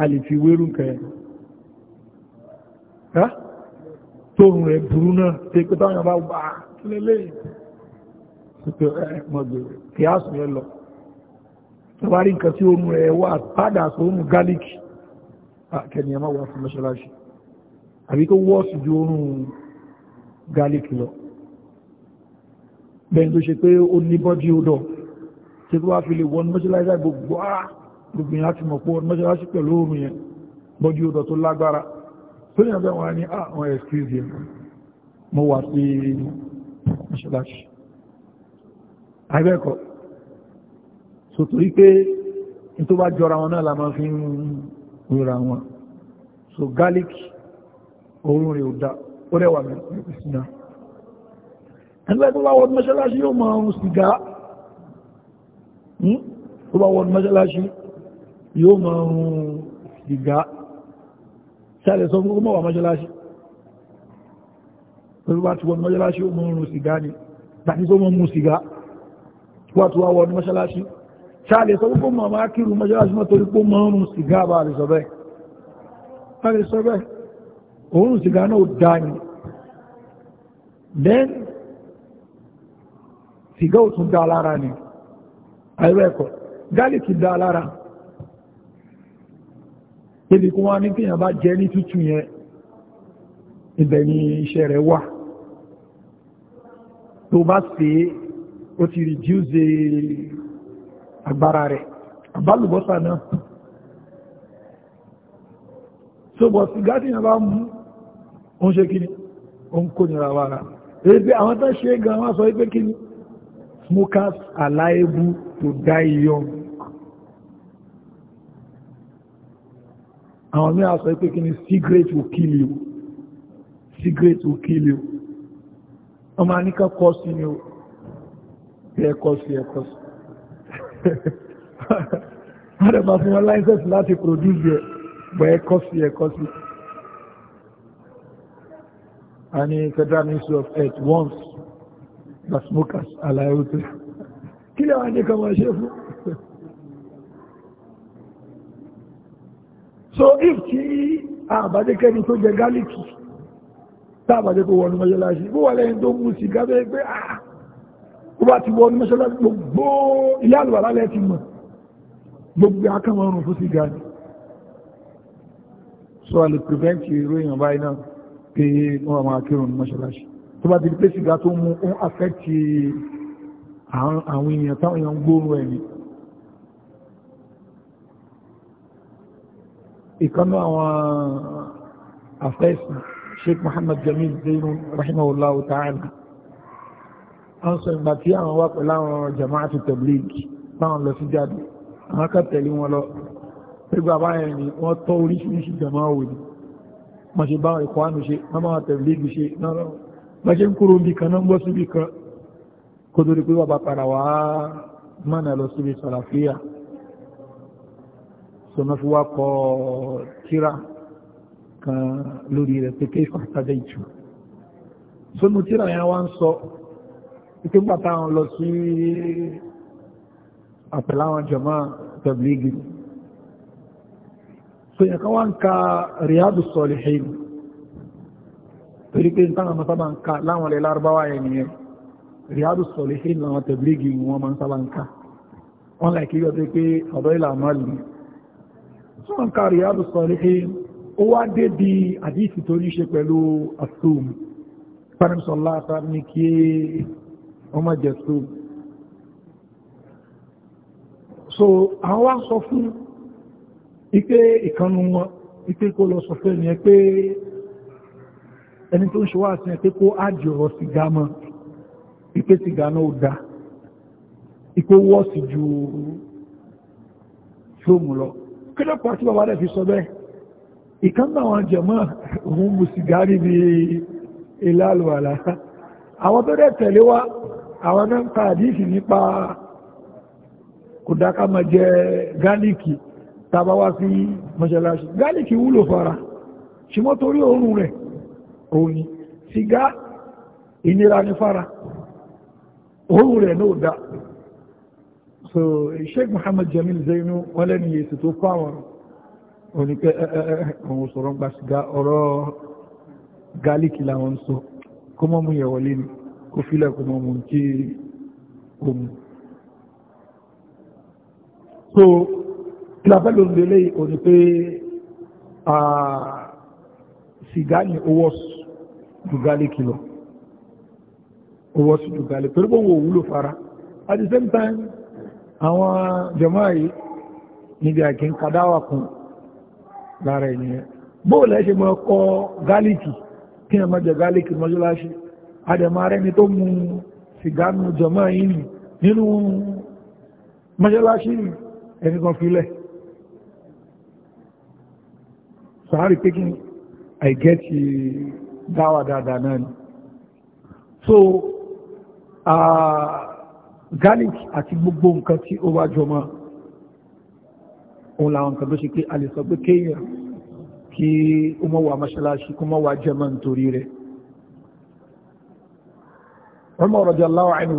a lè fi wérú nǹkan ẹ̀ tó ohun ẹ̀ burú náà tẹ́ táwọn bá wà á pípẹ́ ẹ̀mọ́gbèrè eh, kí á sùn ẹ lọ tàbárí nǹkan tí oòrùn rẹ̀ wà padà sóòrùn gálíkì ah, kẹni ẹmọ́ wà fún mọ́ṣáláṣí àbí tó wọ́ọ̀sì ju oòrùn gálíkì lọ bẹ́ẹ̀ tó ṣe pé ó ní bọ́dí odò tí tó wá fi lè wọ́n mọ́ṣáláṣí gbogbo ah, ni àwọn ah, excuse yẹn mo wà sí mọ́ṣáláṣí àbẹ́ẹ̀kọ́ sòtò yí pé ní tó bá jọra wọn náà la máa fi ń rora wọn so garlic òórùn rẹ̀ ò dá ó rẹwà mẹ́rin sínú ẹgbẹ́ tó bá wọ́n mọ́ṣáláṣí yóò máa rún sìgá hmm? tó bá wọ́n mọ́ṣáláṣí yóò máa rún sìgá sẹ́lẹ̀ sọ fún ọmọ mọ́ṣáláṣí tó bá ti wọ́n mọ́ṣáláṣí yóò máa rún sìgá ni tàbí tó mọ́ mú sìgá wà tó wá wọ ní mọ́ṣáláṣí ṣáàlẹ̀ sọ púpọ̀ mọ̀ máa kírù mọ́ṣáláṣí mọ́ torí pó mọ́ oòrùn sìgá bá rẹ̀ sọ bẹ́ẹ̀ rẹ̀ sọ bẹ́ẹ̀ oòrùn sìgá náà dá ní then sìgá ò tún dá lára ni àìrẹ́kọ̀ gálìkì dá lára ibi kún wá ní kíyàn bá jẹ ní tútù yẹn ibẹ̀ ni iṣẹ́ rẹ̀ wà tó bá sèé ó ti reduce agbára rẹ̀ àbálùbọ́sà náà so bọ̀ sí gádìyàn bá mú oún ṣe kí ni o ń kó nira wára ebi àwọn tó ṣe gan wọ́n sọ wípé kí ni smokers are liable to die young àwọn mìíràn sọ wípé kí ni cigarette will kill you cigarette will kill you ọmọ aníkà kọ́ sí ni o ẹ̀kọ́ sí ẹ̀kọ́ sí <laughs> wọ́n dẹ̀ máa fún wọn láìsẹ̀sì láti produce ẹ̀ bọ̀ ẹ̀kọ́ sí ẹ̀kọ́ sí a ní federal ministry of health once the smokers aláyé tó <laughs> kí lè wá ní kan máa ṣe fún <laughs> so if tí àbájẹ́kẹ́ni tó jẹ gálíkì tá àbájẹ́kẹ́ wọnú mọ́ṣáláṣí bó wà lẹ́yìn tó mú sìgá bẹ́ẹ̀ pé ah bá ti wọ́n ní mọ́ṣálásí gbogbo ilé àlùwàlá lẹ́ ti mọ̀ gbogbo akẹ́wọ̀n fún sí gani so a lè prevent irú èèyàn báyìí náà pé wọ́n máa kírun ní mọ́ṣálásí tó bá ti pé sìgá tó mú ó affect àwọn èèyàn táwọn èèyàn gbóòrùn ẹ̀mí ìkanú àwọn afẹ́sìn Sheikh Muhammad Jamil Zainun rahimahullahu ta'ala wọ́n sọ ìgbà tí àwọn wá pẹ̀lú àwọn jamaatu tabligh báwọn lọ sí jáde àwọn kẹtẹ̀lé wọn lọ pẹ̀lú àbáyẹn ni wọ́n tọ́ oríṣiríṣi jamaa wò ni wọ́n ṣe báwọn ẹ̀kọ́ àánú ṣe wọ́n máa tabligh ṣe náà wọ́n ṣe ń kúrò bí kan náà ń bọ́ síbi kan kó lọ ike ńgbà táwọn lọ sí àpẹ̀láwọn jọmọ́ tẹ̀blígì so yẹn kan wá ń ka Riyadu Salihin torí pé ń táwọn sábà ń ka láwọn ilẹ̀ lárúbáwá yẹn nìyẹn Riyadu Salihin làwọn tẹ̀blígì wọn máa ń sábà ń ka wọn láì kí yọ sí pé ọ̀dọ́ ìlà àmàlì so ń ka Riyadu Salihin ó wá dé di àdíìsì tó ṣe pẹ̀lú asum Panamisọ́lá sáà ní kí wọ́n jẹ tó so àwọn wá sọ fún ipé ìkanu wọn ipé kó lọ sọ fún ẹni pé ẹni tó ń ṣe wá sí ẹ pé kó ájì ọ̀rọ̀ sìgá mọ́ ipé sìgá náà ó dá ipé wọ́ọ̀sì ju fóòmù lọ kí lọ́pàá tí bàbá rẹ̀ fi sọ bẹ́ẹ̀ ìkánbà àwọn jẹ̀mọ́ òun mú sìgá níbi ìlàlùwàlá àwọn tó rẹ̀ tẹ̀lé wá àwọn náà ń ta àdíìsì nípa kò dáká ma jẹ gálíkì tàbá wá sí mọ́ṣáláṣí gálíkì wúlò fara ṣùgbọ́n torí oòrùn rẹ̀ òun ni sìgá ìnira ní fara oòrùn rẹ̀ náà dá so sheikh muhammad jamil zainu wọ́n lẹ́nu yẹ̀sì tó fáwọn oníkẹ́ ọ̀hún sọ̀rọ̀ gbàṣìgá ọ̀rọ̀ gálíkì làwọn sọ kó mọ́ mú yẹ̀wọ̀lé ni kó fílẹ̀ kó mọ̀ mún kí so ìlàbẹ́lò lélẹ̀ òní pé sìgá ní owó dùgálì kìlọ̀ owó dùgálì pẹ̀lú pé wọ́n wúlò fara at the same time àwọn jàmáà yìí níbi àkín kadáwà kún lára ènìyàn bóòlẹ́ ṣe mọ́ kọ́ gálíkì kí ẹ má jẹ gálíkì mọ́jọ́láṣì àdẹ̀mọ́rẹ́ ni tó mú sìgánù jọmọ́ yìí nínú mọ́ṣáláṣí ẹnìkan filẹ̀ sàárì pé kí àìgẹ́tì dáwà dáadáa náà ni so uh, garlic àti gbogbo nǹkan tí ó wá jọmọ́ òun làwọn nǹkan tó ṣe pé a lè sọ pé kéèyàn kí ó mọ́ wà mọ́ṣáláṣí kó mọ́ wà jẹ́mọ́ nítorí rẹ̀ ọmọ rọ̀ jẹ́ fọ́nà sàábà ìjọ kan radiyallahu anhu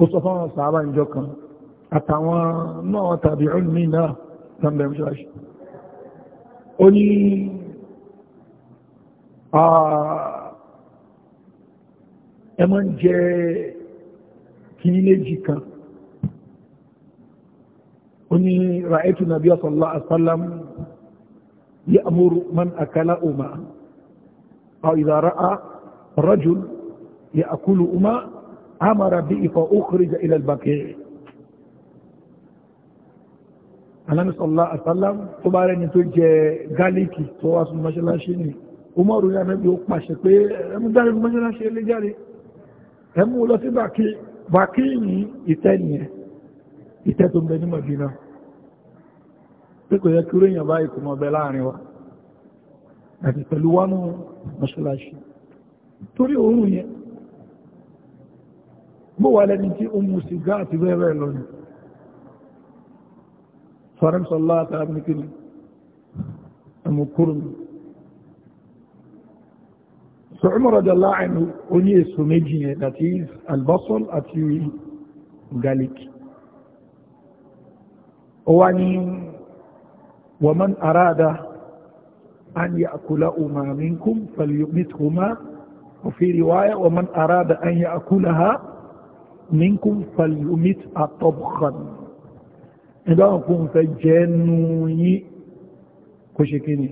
ó sọ fáwọn sàábà ìjọ kan àtàwọn náà tàbí ọ̀nà ni náà tàbí ṣọ́ṣì ó ní ẹmọ ń jẹ kìí méjì kan ó ní ra'ẹ́tù nàbí sallallahu asálám wasallam amúrú man akala òmà àwọn idha ra'a rajul يأكلهما أمر به فأخرج إلى البقيع alámi sọ̀lá àtàlám tó bá rẹni tó jẹ gálíkì tó wá sún mọ́ṣáláṣí ni umaru ní amẹ́bí ó pàṣẹ pé ẹmú dáre fún mọ́ṣáláṣí ilé járe ẹmú lọ sí bàkí ní ìtẹ́ nìyẹn ìtẹ́ tó ń bẹ ní Mádínà pé kò yẹ kí ó yàn báyìí kò mọ̀ bẹ láàrin wa àti pẹ̀lú wánú mọ́ṣáláṣí torí òórùn yẹn bó wà lẹ́ni tí ó mú sìgá àti bẹ́ẹ̀rẹ̀ lọ ni faransa allah ta'ala ní kíni amukurum so umar radiyallahu anhu ó ní èso méjì yẹn that is albasol àti garlic ó wá ní wàmán aráda أن يأكلهما منكم فليمتهما وفي رواية ومن أراد أن يأكلها minkum falyumit atọ́bùkan ìdáhùn fún fẹ́ jẹ́ nú yí kó ṣe kí ni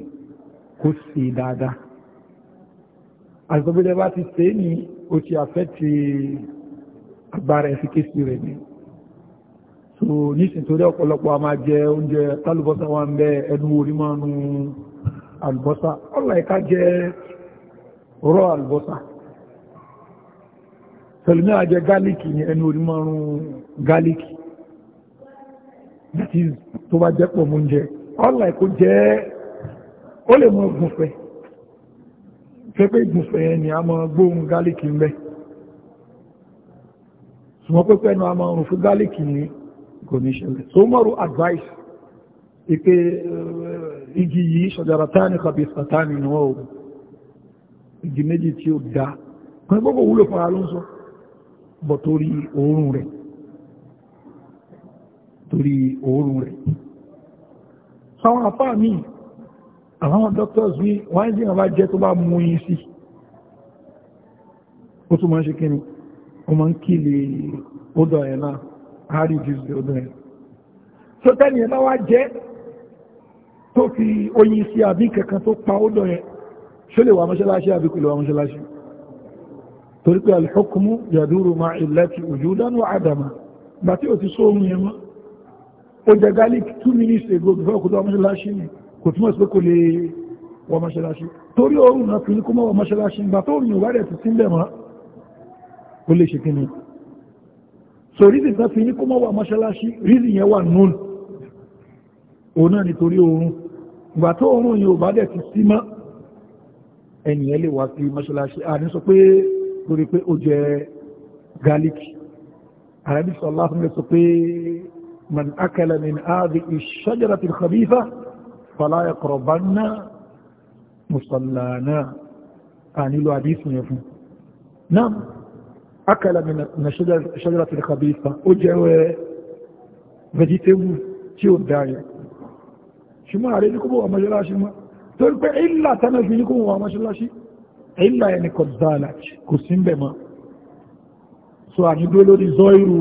kó sì dáadáa àìsọ́bílẹ̀ bá ti ṣe ní ó ti àfẹ́ ti agbára ẹ̀sì kéṣì rẹ̀ ni so nísìn tó dé ọ̀pọ̀lọpọ̀ a máa jẹ oúnjẹ tálùbọ́sà wà ń bẹ ẹnu orí máa nú àlùbọ́sà ọ̀là ẹ̀ká jẹ rọ́ pẹ̀lú náà jẹ gálíkì ní ẹnu orí márùn gálíkì that is tó bá jẹ́ pọ̀ mú jẹ ọ̀là ẹ̀kọ́ jẹ́ ó lè mọ gùnfẹ́ pẹ́pẹ́ gùnfẹ́ yẹn ni a mọ gbóhun gálíkì ń bẹ ṣùgbọ́n pẹ́pẹ́ ẹnu a mọ rùn fún gálíkì ní kò so mọ́rù advice ipe uh, igi yìí ṣọ̀jára tání kàbí sàtání ni wọ́n ò igi méjì tí ó dá pẹ́ gbogbo wúlò fún ara ló ń sọ bọ̀ torí òórùn rẹ̀ torí òórùn rẹ̀ sáwọn apá mi àwọn doctors mi wọ́n jí àwọn jẹ́ tó bá mú yí sí ó tún máa ṣe kí ni o máa ń kí lè ọdọ̀ ẹ̀ náà harry jesus lè ọdọ̀ ẹ̀ so tẹ́ni ẹ̀ bá wá jẹ́ tó fi oyin sí àbí kankan tó pa ọdọ̀ ẹ̀ ṣó lè wà mọ́ṣáláṣí àbí kò lè wà mọ́ṣáláṣí torí pé alhukumu yàdúrù máa illati wujudan wa adama bá tí ó ti só ohun yẹmọ́ ó jẹ garlic 2 minutes ago before kò tó mọ́ṣáláṣí ni kò túnmọ̀ sí pé kò lè wọ mọ́ṣáláṣí torí oòrùn náà fi ní kó mọ́ wọ mọ́ṣáláṣí gbà tó òrùn ìwádẹ̀ ti sílẹ̀ mọ́ ó lè ṣe kí ni so reason náà fi ní kó mọ́ wọ reason yẹn wà nùn òun náà nítorí oòrùn gbà tó òrùn yìí ò bá dẹ̀ ti sí mọ́ ẹnìyẹn lè wá sí mọ́ṣáláṣí à sọ pé torí pé ó jẹ garlic arabi sallallahu alaihi wasallam sọ pé man akala min hadhihi ash-shajarati al-khabitha fala yaqrabanna musallana anilo hadith yẹn fún nam akala min ash-shajarati al-khabitha ó jẹ wẹ́ vegetable tí ó dáyẹ ṣùgbọ́n kó bó ṣe láṣí mọ́ torí pé ìlà tánà fi ní kó wọ́n ọmọ ṣe láṣí ilá ẹni kọ̀dálà kò sí ń bẹ̀ mọ́ so àmì dúró lórí zọ́ìrù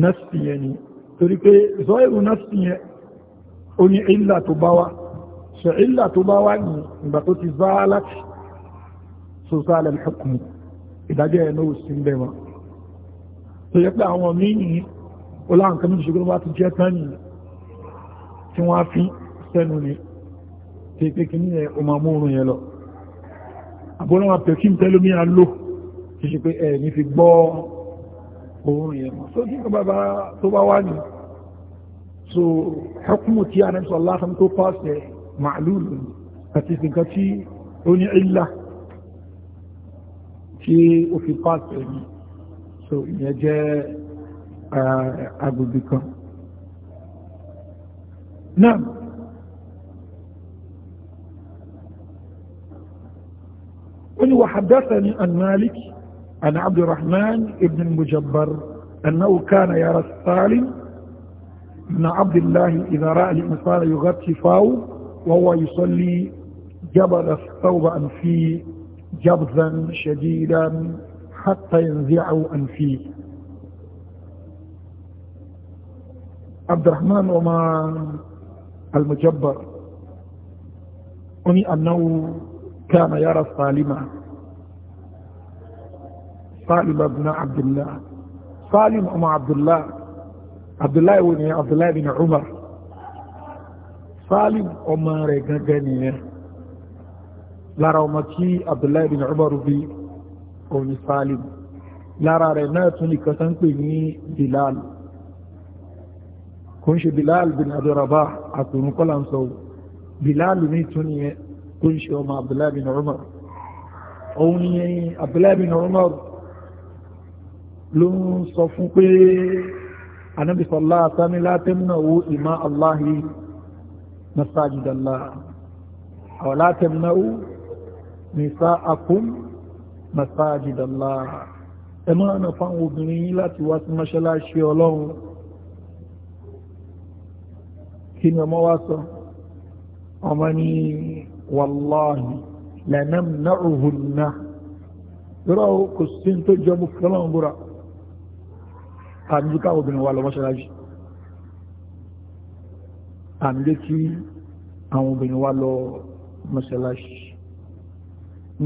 nọ́ọ̀sì yẹn ni torí pé zọ́ìrù nọ́ọ̀sì yẹn ó ní ilá tó bá wá so ilá tó bá wá ní ìgbà tó ti zálà so sálẹ̀ lẹ́kùn ìdájọ́ ẹ̀ náà sí ń bẹ̀ mọ́ so yẹ pé àwọn míì ó láǹkan méjì ṣùgbọ́n wá ti jẹ́ tán ni tí wọ́n á fi sẹ́nu ni tí pé kí ní ẹ o máa mú oorun yẹn lọ àbọ́nà pẹ̀kín tẹ́lómí à ń lò kì í ṣe pé ẹ ní fi gbọ́ oorun yẹn mọ́ so nígbà bàbá tó bá wá ní قل وحدثني عن مالك عن عبد الرحمن بن المجبر أنه كان يرى السالم بن عبد الله إذا رأى الإنسان يغطي فاو وهو يصلي جبل الثوب عن فيه جبذا شديدا حتى ينزعه عن عبد الرحمن وما المجبر أني أنه كان يرى سالما سالم بن عبد الله سالم أم عبد الله عبد الله بن عبد الله بن عمر سالم أم رجعني lára ọmọ tí Abdullahi bin Umar bí òní Salim lára rẹ̀ náà tún nìkan tán pè ní Bilal kò ń ṣe Bilal bin Abdurrabah àtòrún kọ́lá ń sọ Bilal ní tún nìyẹn tó ń ṣe ọmọ Abdullahi bin Umar òun ni Abdullahi bin Umar ló ń sọ fún pé anábì sallallahu alaihi wasallam la tamna'u ima Allahi masajidallah aw la tamna'u nisa'akum masajidallah ẹ máa nà fáwọn obìnrin yín láti wá sí mọ́ṣáláṣí ọlọ́run kí ni ọmọ wá sọ ọmọ ni والله لنمنعهن يراه كسين تجمو كلام برا عندك أبو بن والله ما عندك أبو بن والله ما شرعي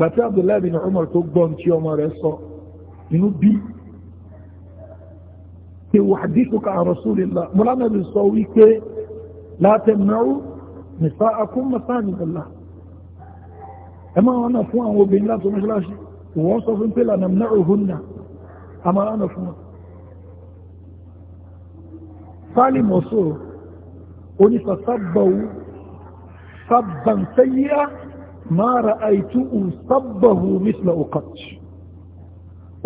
متى عبد الله بن عمر تقدم تي عمر يسوع ينبي يحدثك عن رسول الله مولانا بن صويك لا تمنعوا نساءكم مساند الله ẹ máa wọn náà fún àwọn obìnrin láti mọ́ṣáláṣí wọ́n sọ fún pẹ́lá nà mẹ́rù húnnà a máa wọn náà fún wọn sáàlì mọ̀sọ́ onífà sábàwú sábàn sẹ́yíá máa ra àìtú sábàwú mísìlá ọkàtì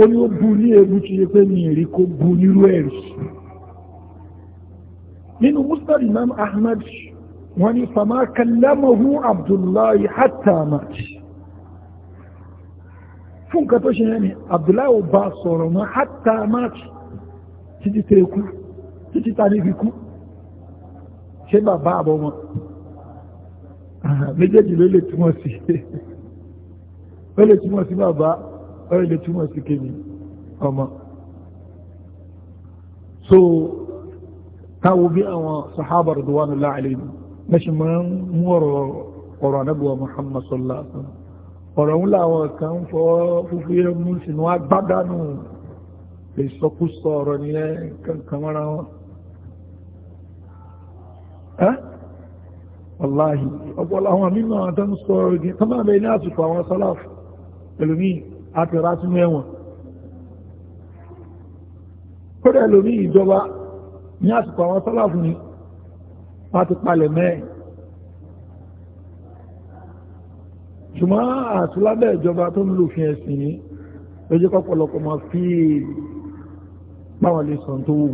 ó ní ó bu ní ẹ̀rù tí yẹ pé ní èrí kó bu nírú ẹ̀rù nínú musnad imam ahmad wọ́n ní fama kallamahu abdullahi hatta fún nǹkan tó ṣe yẹn ni abdullahi ò bá sọ̀rọ̀ mọ́ hátà máàkì títí tẹ́ ikú títí ta níbi kú ṣé bàbá àbọ̀ wọn méjèèjì ló lè túmọ̀ sí ó lè túmọ̀ sí bàbá ó lè túmọ̀ sí kémi ọmọ so táwo bí àwọn sahaba radwanullahi alayhim mẹ́ṣin máa ń mú ọ̀rọ̀ ọ̀rọ̀ anábíwá muhammad sallallahu alaihi wa sallam ọ̀rọ̀ ń láwọn kan ń fọ́ fúfú yẹ mú sínú agbádánù lè sọkúsọ ọ̀rọ̀ nìyẹn kankan mọ́ra wọn wàláhì ọ̀pọ̀ làwọn mímọ̀ àtọ́ ń sọ ọ̀rọ̀ ìgbìn tọ́mọ̀ bẹ ní àsìkò àwọn sọ́láfù ẹlòmí àti rásínú ẹ̀wọ̀n kódà ẹlòmí ìjọba ní àsìkò àwọn sọ́láfù ni wọ́n ti palẹ̀ mẹ́rin ṣùgbọ́n àtúlábẹ̀ ìjọba tó ń lòfin ẹ̀sìn ní ló jẹ́ kọ́pọ̀lọpọ̀ máa fi báwọn lè sàn tó wù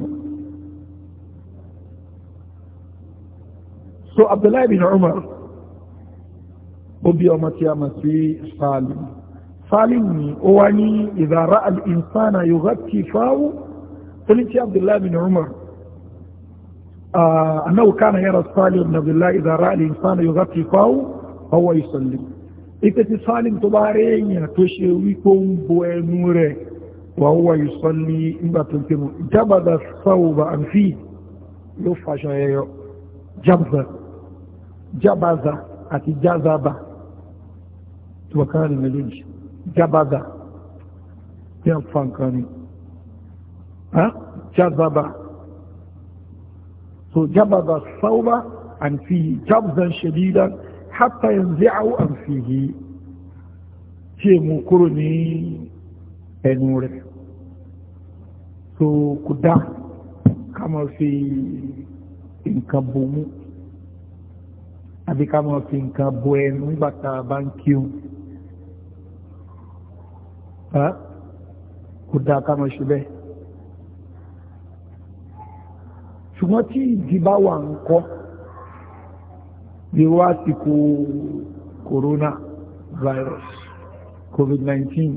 so Abdullahi bin Umar ó bí ọmọ tí a mọ̀ sí Salim Salim ni ó wá ní ìdára al-insana yughatti fahu قلت يا عبد الله بن عمر آه أنه كان يرى الصالح بن عبد الله إذا رأى الإنسان يغطي فاه فهو ipe ti salim tó bá rí èèyàn tó ṣe wípé ó ń bo ẹnu rẹ̀ wà ó wà yusalli nígbà tó ń tẹ̀mù jábàdà sáwùbà àǹfì yóò fàṣọ ẹyọ jábàdà àti jázàbà tó wà káàrin méjèèjì jábàdà tí a fa nǹkan ni jázàbà so jábàdà sáwùbà àǹfì jábàdà ṣẹlídà hatta yanzi'u anfihi tí èmú kúrò ní ẹnu rẹ̀ so kò dá ká máa fi nǹkan bomú àbí ká máa fi nǹkan bo ẹnu nígbà tá a bá ń kírun kò dá ṣùgbọ́n tí ìdí bá ń kọ́ ní wásìkò corona virus covid-19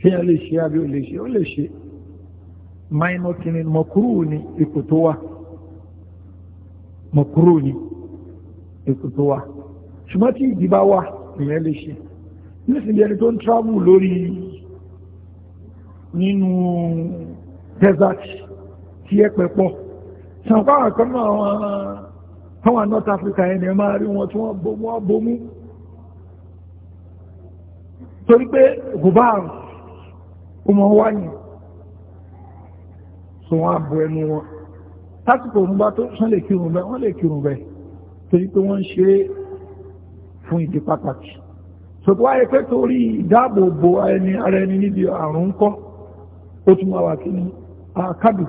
ṣé ẹ lè ṣe àbí ó lè ṣe ó lè ṣe minor kini mọ̀kúrú ni ipò tó wà mọ̀kúrú ni ipò tó wà ṣùgbọ́n tí ìdí wà ìyẹn lè ṣe nísìnyí ẹni tó ń travel lórí nínú desert tí ẹ pẹ̀ pọ̀ sàǹkọ́ àwọn táwọn north africa ẹni ẹ máa rí wọn tí wọ́n bomú wọ́n bomú torí pé gùbáàrù ọmọ wáyìn so wọ́n á bo ẹnu wọn lásìkò òun bá tó sán lè kírun bẹ́ wọ́n lè kírun bẹ́ torí pé wọ́n ń ṣe fún ìdí pàtàkì sọ̀tọ́ wáyé pé torí ìdáàbòbò ara ẹni níbi àrùn kọ́ ó tún máa wà kí ni àkádù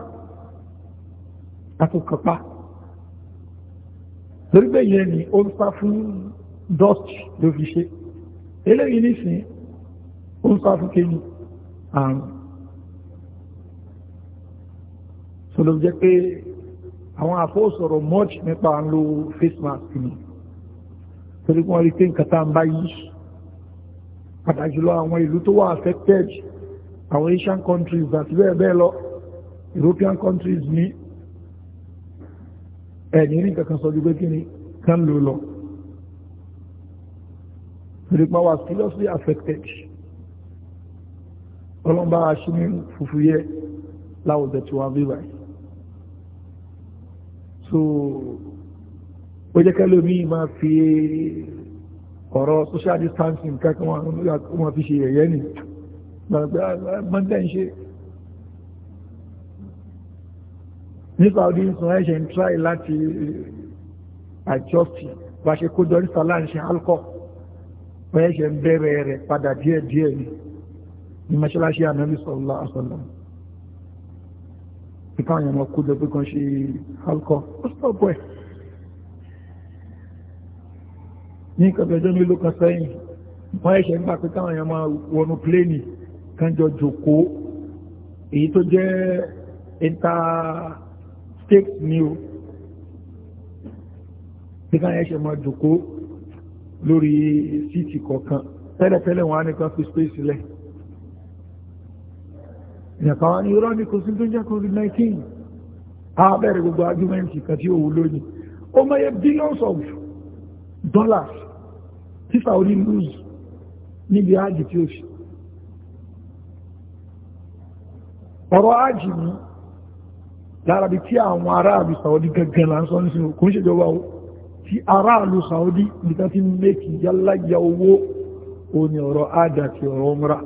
àtòkọ̀pá torí pé yẹn ni ó ń sá fún dust ló fi ṣe eléyìí nísìn ó ń sá fún kéyìn àrùn so ló jẹ́ pé àwọn àfóòsọ̀rọ̀ much nípa ń lo face mask ni torí wọ́n rí pé nǹkan tá ń bá yìí pàtàkì jùlọ àwọn ìlú tó wà affected àwọn Asian countries àti bẹ́ẹ̀ bẹ́ẹ̀ lọ European countries ni ẹ̀ní ní kankan sọ dúgbé kí ni kán ló lọ rìpá wà seriously affected ọlọ́mbà aṣíní fufu yẹ láwùjọ tí wọ́n bí báyìí so ó jẹ́ kẹ́lẹ́ mi máa fi ọ̀rọ̀ social distancing kankan wọn fi ṣe yẹ̀yẹ́ ni gbàgbé ah, mọ́tẹ́ ń ṣe nípa ọdún sọ ẹ̀ṣẹ̀ ń tráì láti àjọ́sì bá ṣe kó jọrí sálà ń ṣe alkọ́ ẹ̀ṣẹ̀ ń bẹ̀rẹ̀ rẹ̀ padà díẹ̀ díẹ̀ ni ní mọ́ṣáláṣí ànábì sọ̀rọ̀lá àṣọ̀lá ìfà àwọn ọmọ kójọ pé kan ṣe alkọ́ ó sọ̀bọ̀ ẹ̀ ní ìkọ̀bẹ̀jọ́ mélòó kan sẹ́yìn wọ́n ẹ̀ṣẹ̀ ń gbà pé káwọn èèyàn wọnú pléènì kan jọ jòkó èyí tó jẹ́ ìta mistakes ni o tí ká yẹn ṣe máa jòkó lórí síìtì kọ̀ọ̀kan tẹ́lẹ̀tẹ́lẹ̀ wọn á nìkan fi space lẹ̀ ìyàkà wọn ni irọ́ ní kò sí tó jẹ́ covid-19 a bẹ̀rẹ̀ gbogbo argument kan tí ó wù lónìí ó mẹ́yẹ billions of dollars tí Saudi lose níbi ájì tí ó ṣe ọ̀rọ̀ ájì ni lára bí tí àwọn aráàlú Saudi gẹ́gẹ́ là ń sọ nísìnyí kò ṣèjọba o tí aráàlú Saudi nìkan ti mẹ́kì yálàyà owó òní ọ̀rọ̀ ájà àti ọ̀rọ̀ ọmọra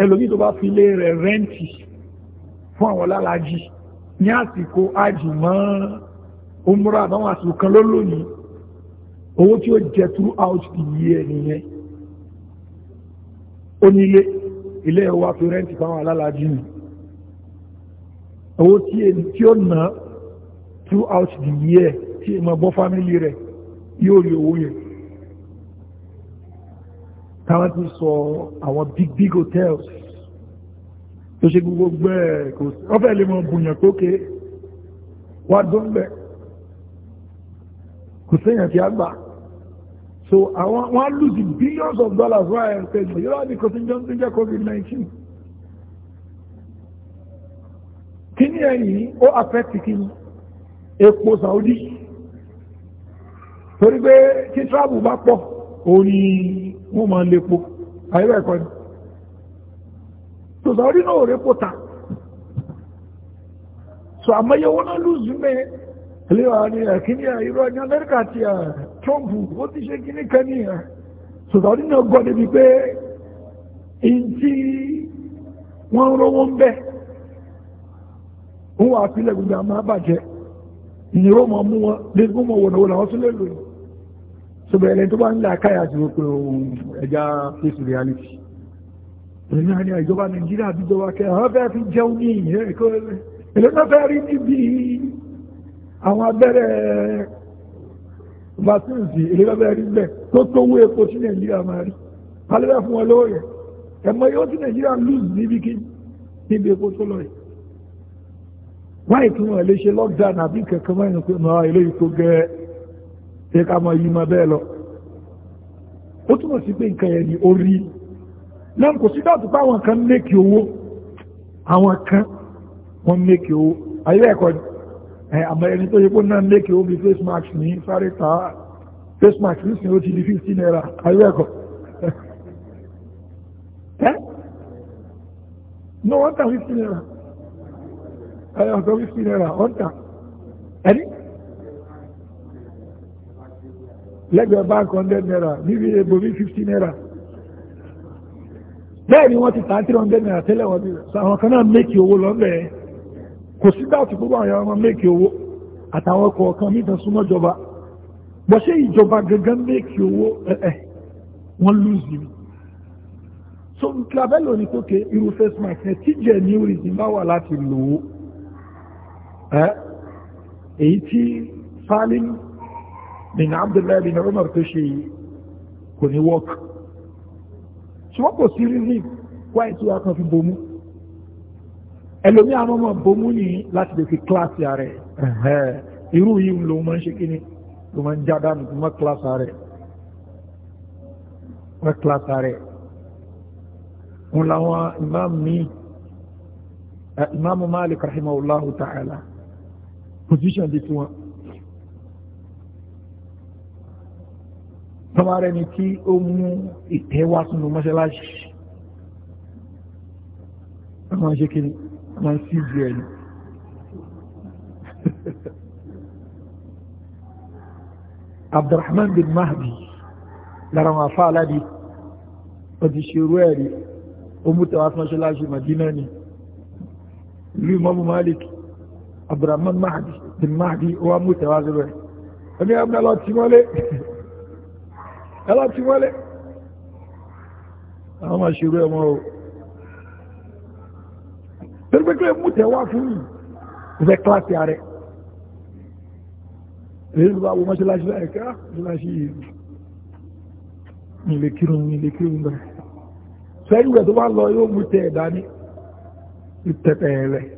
ẹlòmí tó bá fi lé rẹ̀ rẹ́ǹtì fún àwọn lálàájì ní àsìkò ájì mọ́ ọmọra àbáwọn àsìkò kan lólónìí owó tí ó jẹ throughout the year nìyẹn ó nílé ilé ẹ̀wà fi rẹ́ǹtì fáwọn alálàájì nìyẹn owó tí èyí tí ó ná throughout the year tí èyí máa bọ́ family rẹ̀ yóò rí owó yẹn táwọn ti sọ àwọn big big hotels tó ṣe gbogbo ẹ̀ kò sí wọ́n fẹ́ lè mọ bùyàn tó ké wá dún bẹ̀ kò séèyàn tí a so àwọn wọ́n lose billions of dollars wọ́n ẹ̀ ń pè jù yóò rà ní kò sí jọ́ jẹ́ covid-19 kí ní ẹ̀yìn ó affecti kí epo Saudi torí pé tí travel bá pọ̀ òun ni wọ́n máa ń lépo àyẹ̀wò ẹ̀kọ́ ni so Saudi náà ò répo ta so àmọ́yẹ wọn náà lùzù mẹ́ léwà ní ẹ̀kíní ìrọ̀ ní Amẹ́ríkà àti Trump ó ti ṣe kíní kan ní Saudi náà gọ́ débi pé in wọ́n rówó ń bẹ́ẹ̀ òun wà fílẹ̀ gbogbo àmọ́ àbàjẹ́ ìyẹ̀wò mọ̀ mú wọn lẹ́gbọ́n mọ̀ wọ̀nà wọ̀nà wọ́n tún lè lòyìn ṣùgbọ́n ẹni tó bá ń lè àkáyà sí wípé ohun ẹja face reality pẹ̀lú àní ìjọba Nàìjíríà bí jọba kẹ àwọn fẹ́ fi jẹun ní ìyẹn ẹ̀kọ́ ẹ̀lẹ́ náà fẹ́ rí níbi àwọn abẹ́rẹ́ vaccines ilé bẹ́ẹ̀ rí bẹ́ẹ̀ tó tówó epo tí Nàìjíríà máa rí alẹ́ fún wọn lóòyẹ̀ ẹ̀mọ yóò tí Nàìjíríà lose níbi kí níbi epo tó lọ yìí wáyé tí wọ́n lè ṣe lockdown àbí kẹ̀kẹ́ mẹ́rin pé mọ́ eléyìí tó gẹ́ ẹ ká mọ yìí mọ bẹ́ẹ̀ lọ ó túmọ̀ sí pé nǹkan yẹn ni ó rí náà kò sí dáàtú pé àwọn kan ń mékì owó àwọn kan ń mékì owó ayé ẹ̀kọ́ ẹ̀ àmọ́ ẹni tó yẹ kó náà ń mékì owó bí face mask ní sáré ta face mask ní di fifty naira ayé ẹ̀kọ́ ẹ́ fifty ẹ̀yà ọ̀tọ́ wíṣí náírà ọ̀ǹtà ẹni lẹ́gbẹ̀ẹ́ báńkì hundred naira níbi ebomi fifty naira bẹ́ẹ̀ ni wọ́n ti tà three hundred naira tẹ́lẹ̀ wọ́n ti rẹ̀ àwọn kan náà méèkì owó lọ́nbẹ̀ẹ́ kò sí dáàtì gbogbo àwọn ọmọ méèkì owó àtàwọn ọkọ̀ ọ̀kan mí tàn súnmọ́ ìjọba bọ́ ṣé ìjọba gangan méèkì owó ẹ̀ẹ́ wọ́n lùzì mi so travel oníkókè irú face mask ẹ̀ tíjẹ̀ ní orí ìdìbáwà láti lò ó èyí ti Salim bin Abdullahi bin Umar tó ṣe kò ní wọ́ọ̀kì ṣùgbọ́n kò sí rí rìn wá ìtura fi bomú ẹlòmí àwọn ọmọ bomú ni láti lè fi kíláàsì ààrẹ irú yìí ló máa ń ṣe kí ni ló máa ń já dànù tó máa kíláàsì ààrẹ wọ́n kíláàsì ààrẹ wọn làwọn mi Malik rahimahullahu ta'ala position di tiwọn tọ́ba rẹ̀ ni tí ó mú ìtẹ́wá sínú mọ́ṣáláṣí àwọn ṣe kiri máa ń sí ìjú ẹni <laughs> abdulrahman bin mahdi lára wọn afá aládìí ó ti ṣe irú ẹ̀rí ó mú tẹ́wá sí mọ́ṣáláṣí madina ni ìlú ìmọ́mù malik abdulrahman mahdi bin mahdi wa mú tẹ̀wájú rẹ̀ ẹni ẹ̀mí ẹlọ́tìmọ́lé <laughs> ẹlọ́tìmọ́lé àwọn máa ṣerú ẹmọ o pẹ̀lúpẹ̀lú mú tẹ̀wá fún yìí ìfẹ́ kíláàsì ààrẹ èyí ló bá wọ mọ́ṣáláṣí láìka mọ́ṣáláṣí yìí ilé kírun ilé kírun bẹ̀rẹ̀ tó bá lọ yóò mú tẹ̀ ẹ̀dá ní ìtẹ̀tẹ̀ rẹ̀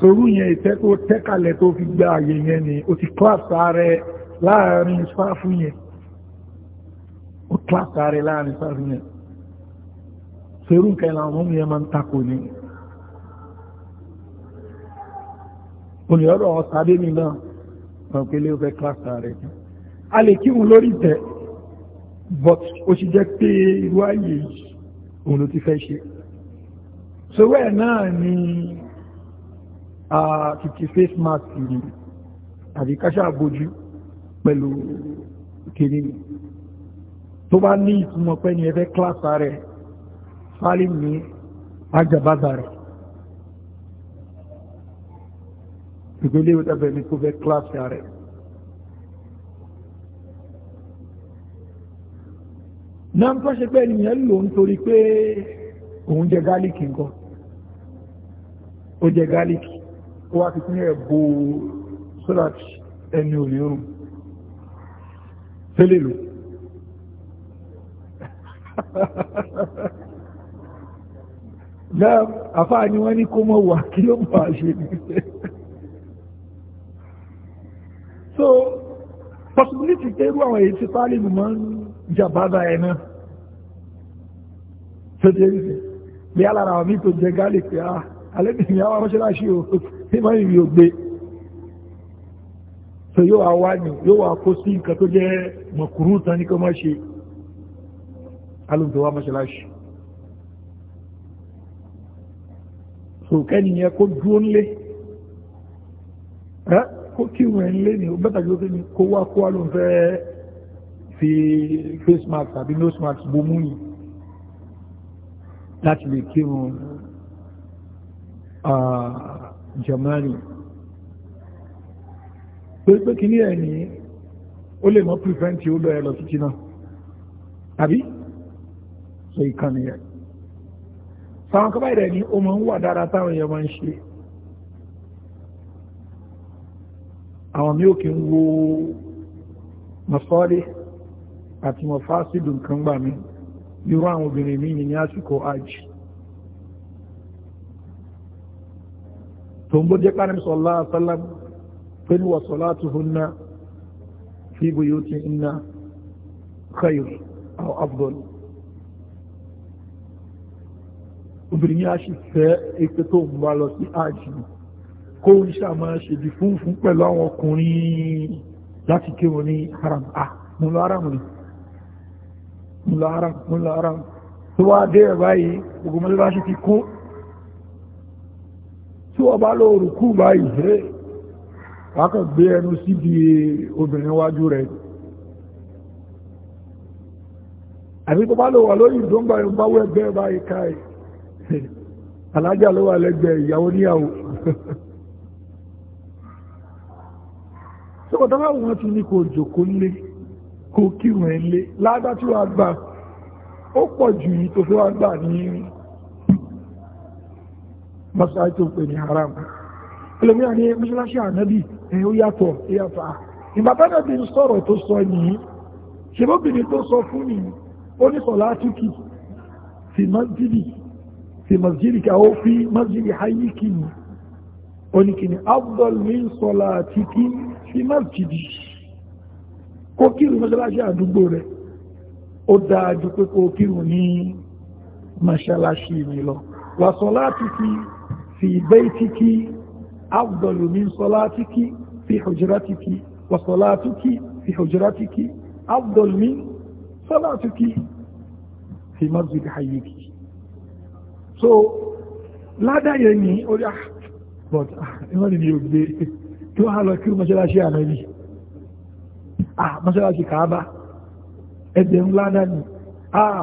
sorú yẹn ìtẹ́ tó tẹ́kàlẹ̀ tó fi gba àyè yẹn ni ó ti kílàsà rẹ láàrin sáfù yẹn ó kílàsà rẹ láàrin sáfù yẹn sorú nǹkan ìlànà ọmọ yẹn máa ń takò ní olùyọ́rọ̀ ọ̀sàdé mi náà ọ̀pẹ́lẹ́ ó fẹ́ kílàsà rẹ a lè kírun lórí ìtẹ́ but ó sì jẹ́ pé irú àyè òun ló ti fẹ́ ṣe sowẹ́ náà ni kìkì face mask ni àbí káṣà bójú pẹ̀lú kìíní ni tó bá ní ìtumọ̀ pẹ́ ní ẹfẹ́ kíláàsà rẹ̀ salim ní ajabaza rẹ̀ ìgbélé ìwòtẹ́bẹ̀ ní kó fẹ́ kíláàsì rẹ̀ náà ń tọ́ṣe pé ènìyàn lò ń torí pé òun jẹ gálíkì nǹkan ó jẹ gálíkì ó wá ti kí ní ẹ̀bò sólàt ẹni ò lè rùn tẹ́lẹ̀ lò náà àfáà ni wọ́n ní kó mọ̀ wà kí ló mọ̀ àṣẹ ní so possibility tẹ́rù àwọn èyí tí pálìmù máa ń jàbádà ẹ̀ náà tó jẹ́ bí alára àwọn mí jẹ gálì pé á ah, alẹ́bìnrin àwọn aránṣẹ́láṣí òkú tí wọ́n yìí yóò gbé so yóò wá wá ní yóò wá kó sí nǹkan tó jẹ́ mọ̀kúrú tán ní kó má ṣe alùpùpù wa mọ́ṣáláṣí so kẹ́ni yẹn kó dúró ńlé kó kí wọn ńlé ni ó bẹ́tà jọ ní kó wá kó alùpùpù fi face mask àbí nose mask bomú ni láti lè kírun ah, jamani pé pé kí ní ẹ̀ ní ó lè mọ́ prevent ó lọ ẹ lọ sí jìnnà àbí ṣe ìkànnì ẹ̀ sáwọn kọ́bá ìrẹ̀ ni ó máa ń wà dára táwọn èèyàn máa ń ṣe àwọn mí ò kí ń wo mọ̀sọ́lé àti mọ̀fásílù nǹkan gbà mí irú àwọn obìnrin mí ní àsìkò àjì tòun bó jẹ́ pàdé sallallahu alaihi wasallam pé ní wa salatuhunna fi buyutihinna khayr aw afdal obìnrin yá sì fẹ́ èpè tó ń bá lọ sí àjì kó ń ṣàmà ṣèdí fúnfún pẹ̀lú àwọn ọkùnrin láti kí wọn ní haram ah mo lọ haram ni mo lọ haram mo lọ haram tó wá dé ẹ̀ báyìí ogun mọ́lẹ́bá ṣe ti kún tí wọ́n bá lọ òrùkú báyìí rẹ̀ wákọ̀ gbé ẹnu síbi obìnrin wájú rẹ̀ àbí tó bá lọ wà lórí ìdóńgbà yóò bá wẹ́gbẹ́ báyìí káì alájà ló wà lẹ́gbẹ̀ẹ́ ìyàwó níyàwó tó kọ̀tọ́ báwọn wọn tún ní kò jòkó ńlé kò kírun ẹ̀ ńlé ládá tí wọ́n gbà ó pọ̀ jù yìí tó fẹ́ wá gbà ní mọ́sálásí tó ń haram ẹlòmíà ní mọ́sálásí ànábì ẹ̀ ó yàtọ̀ ó yàtọ̀ à ìbàbá náà bí sọ̀rọ̀ tó sọ nìyí ṣèbóbìnrin tó sọ fún nìyí ó ní sọ̀lá túkì fi masjidi fi masjidi kà ó fi masjidi hayí kìíní ó ní kìíní afdal min sọ̀lá tìkì fi masjidi kó kírun mọ́sálásí àdúgbò rẹ̀ ó dáa ju pé kó kírun ní mọ́sálásí mi في بيتك أفضل من صلاتك في حجرتك وصلاتك في حجرتك أفضل من صلاتك في مسجد حيك so ládá yẹn ni orí ah but ah, ìwọ́n ni yóò gbé tí wọ́n á lọ kí mọ́ṣáláṣí ànábì ah mọ́ṣáláṣí kàábà ẹgbẹ̀rún ládá ni ah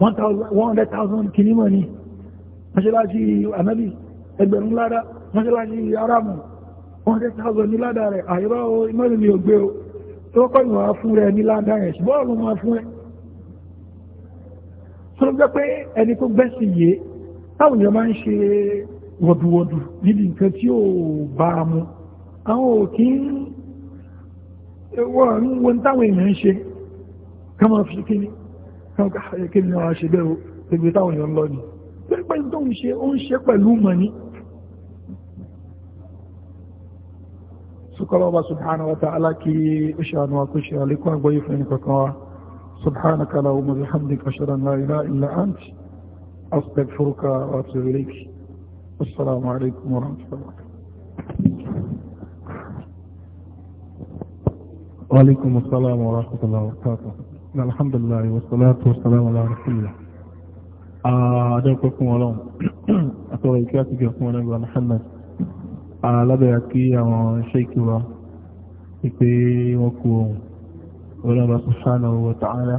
100,000 kìíní mọ̀ ni mọ́ṣáláṣí ànábì ẹgbẹ̀rún ládá mọ́ṣáláṣí ara mọ̀ wọ́n tẹ́ sáàzọ̀ ní ládá rẹ̀ àyíbá o imọ́lù mi ò gbé o tó kọ́ ìwà fún rẹ̀ ní ládá rẹ̀ bọ́ọ̀lù máa fún ẹ tó ló jẹ́ pé ẹni tó gbẹ́sì yé táwọn èèyàn máa ń ṣe wọ̀dùwọ̀dù níbi nǹkan tí ó bá a mu àwọn ò kí ń wọ́n ń wo táwọn èèyàn ń ṣe ká máa fi kí ni kí ni wọ́n á ṣe bẹ́ẹ̀ o gbogbo táwọn èèyàn lọ ni pé tó ń ṣe ó ń ṣe pẹ̀lú mọ̀ ni سكر الله سبحانه وتعالى كي اشعر وكشعر لكم ويفعنك وكواه سبحانك لهم بحمدك أشهر أن لا إله إلا أنت أصبب فرك وأطلب إليك السلام عليكم ورحمة الله وعليكم السلام ورحمة الله وبركاته الحمد لله والصلاة والسلام على رسول الله أدعوكم ولهم أتوى إكياتك يا أخوانا محمد alábẹ̀rẹ̀ kí àwọn ṣéèkì wa wípé wọ́n kú ohun ọlọ́run subhanahu wa ta'ala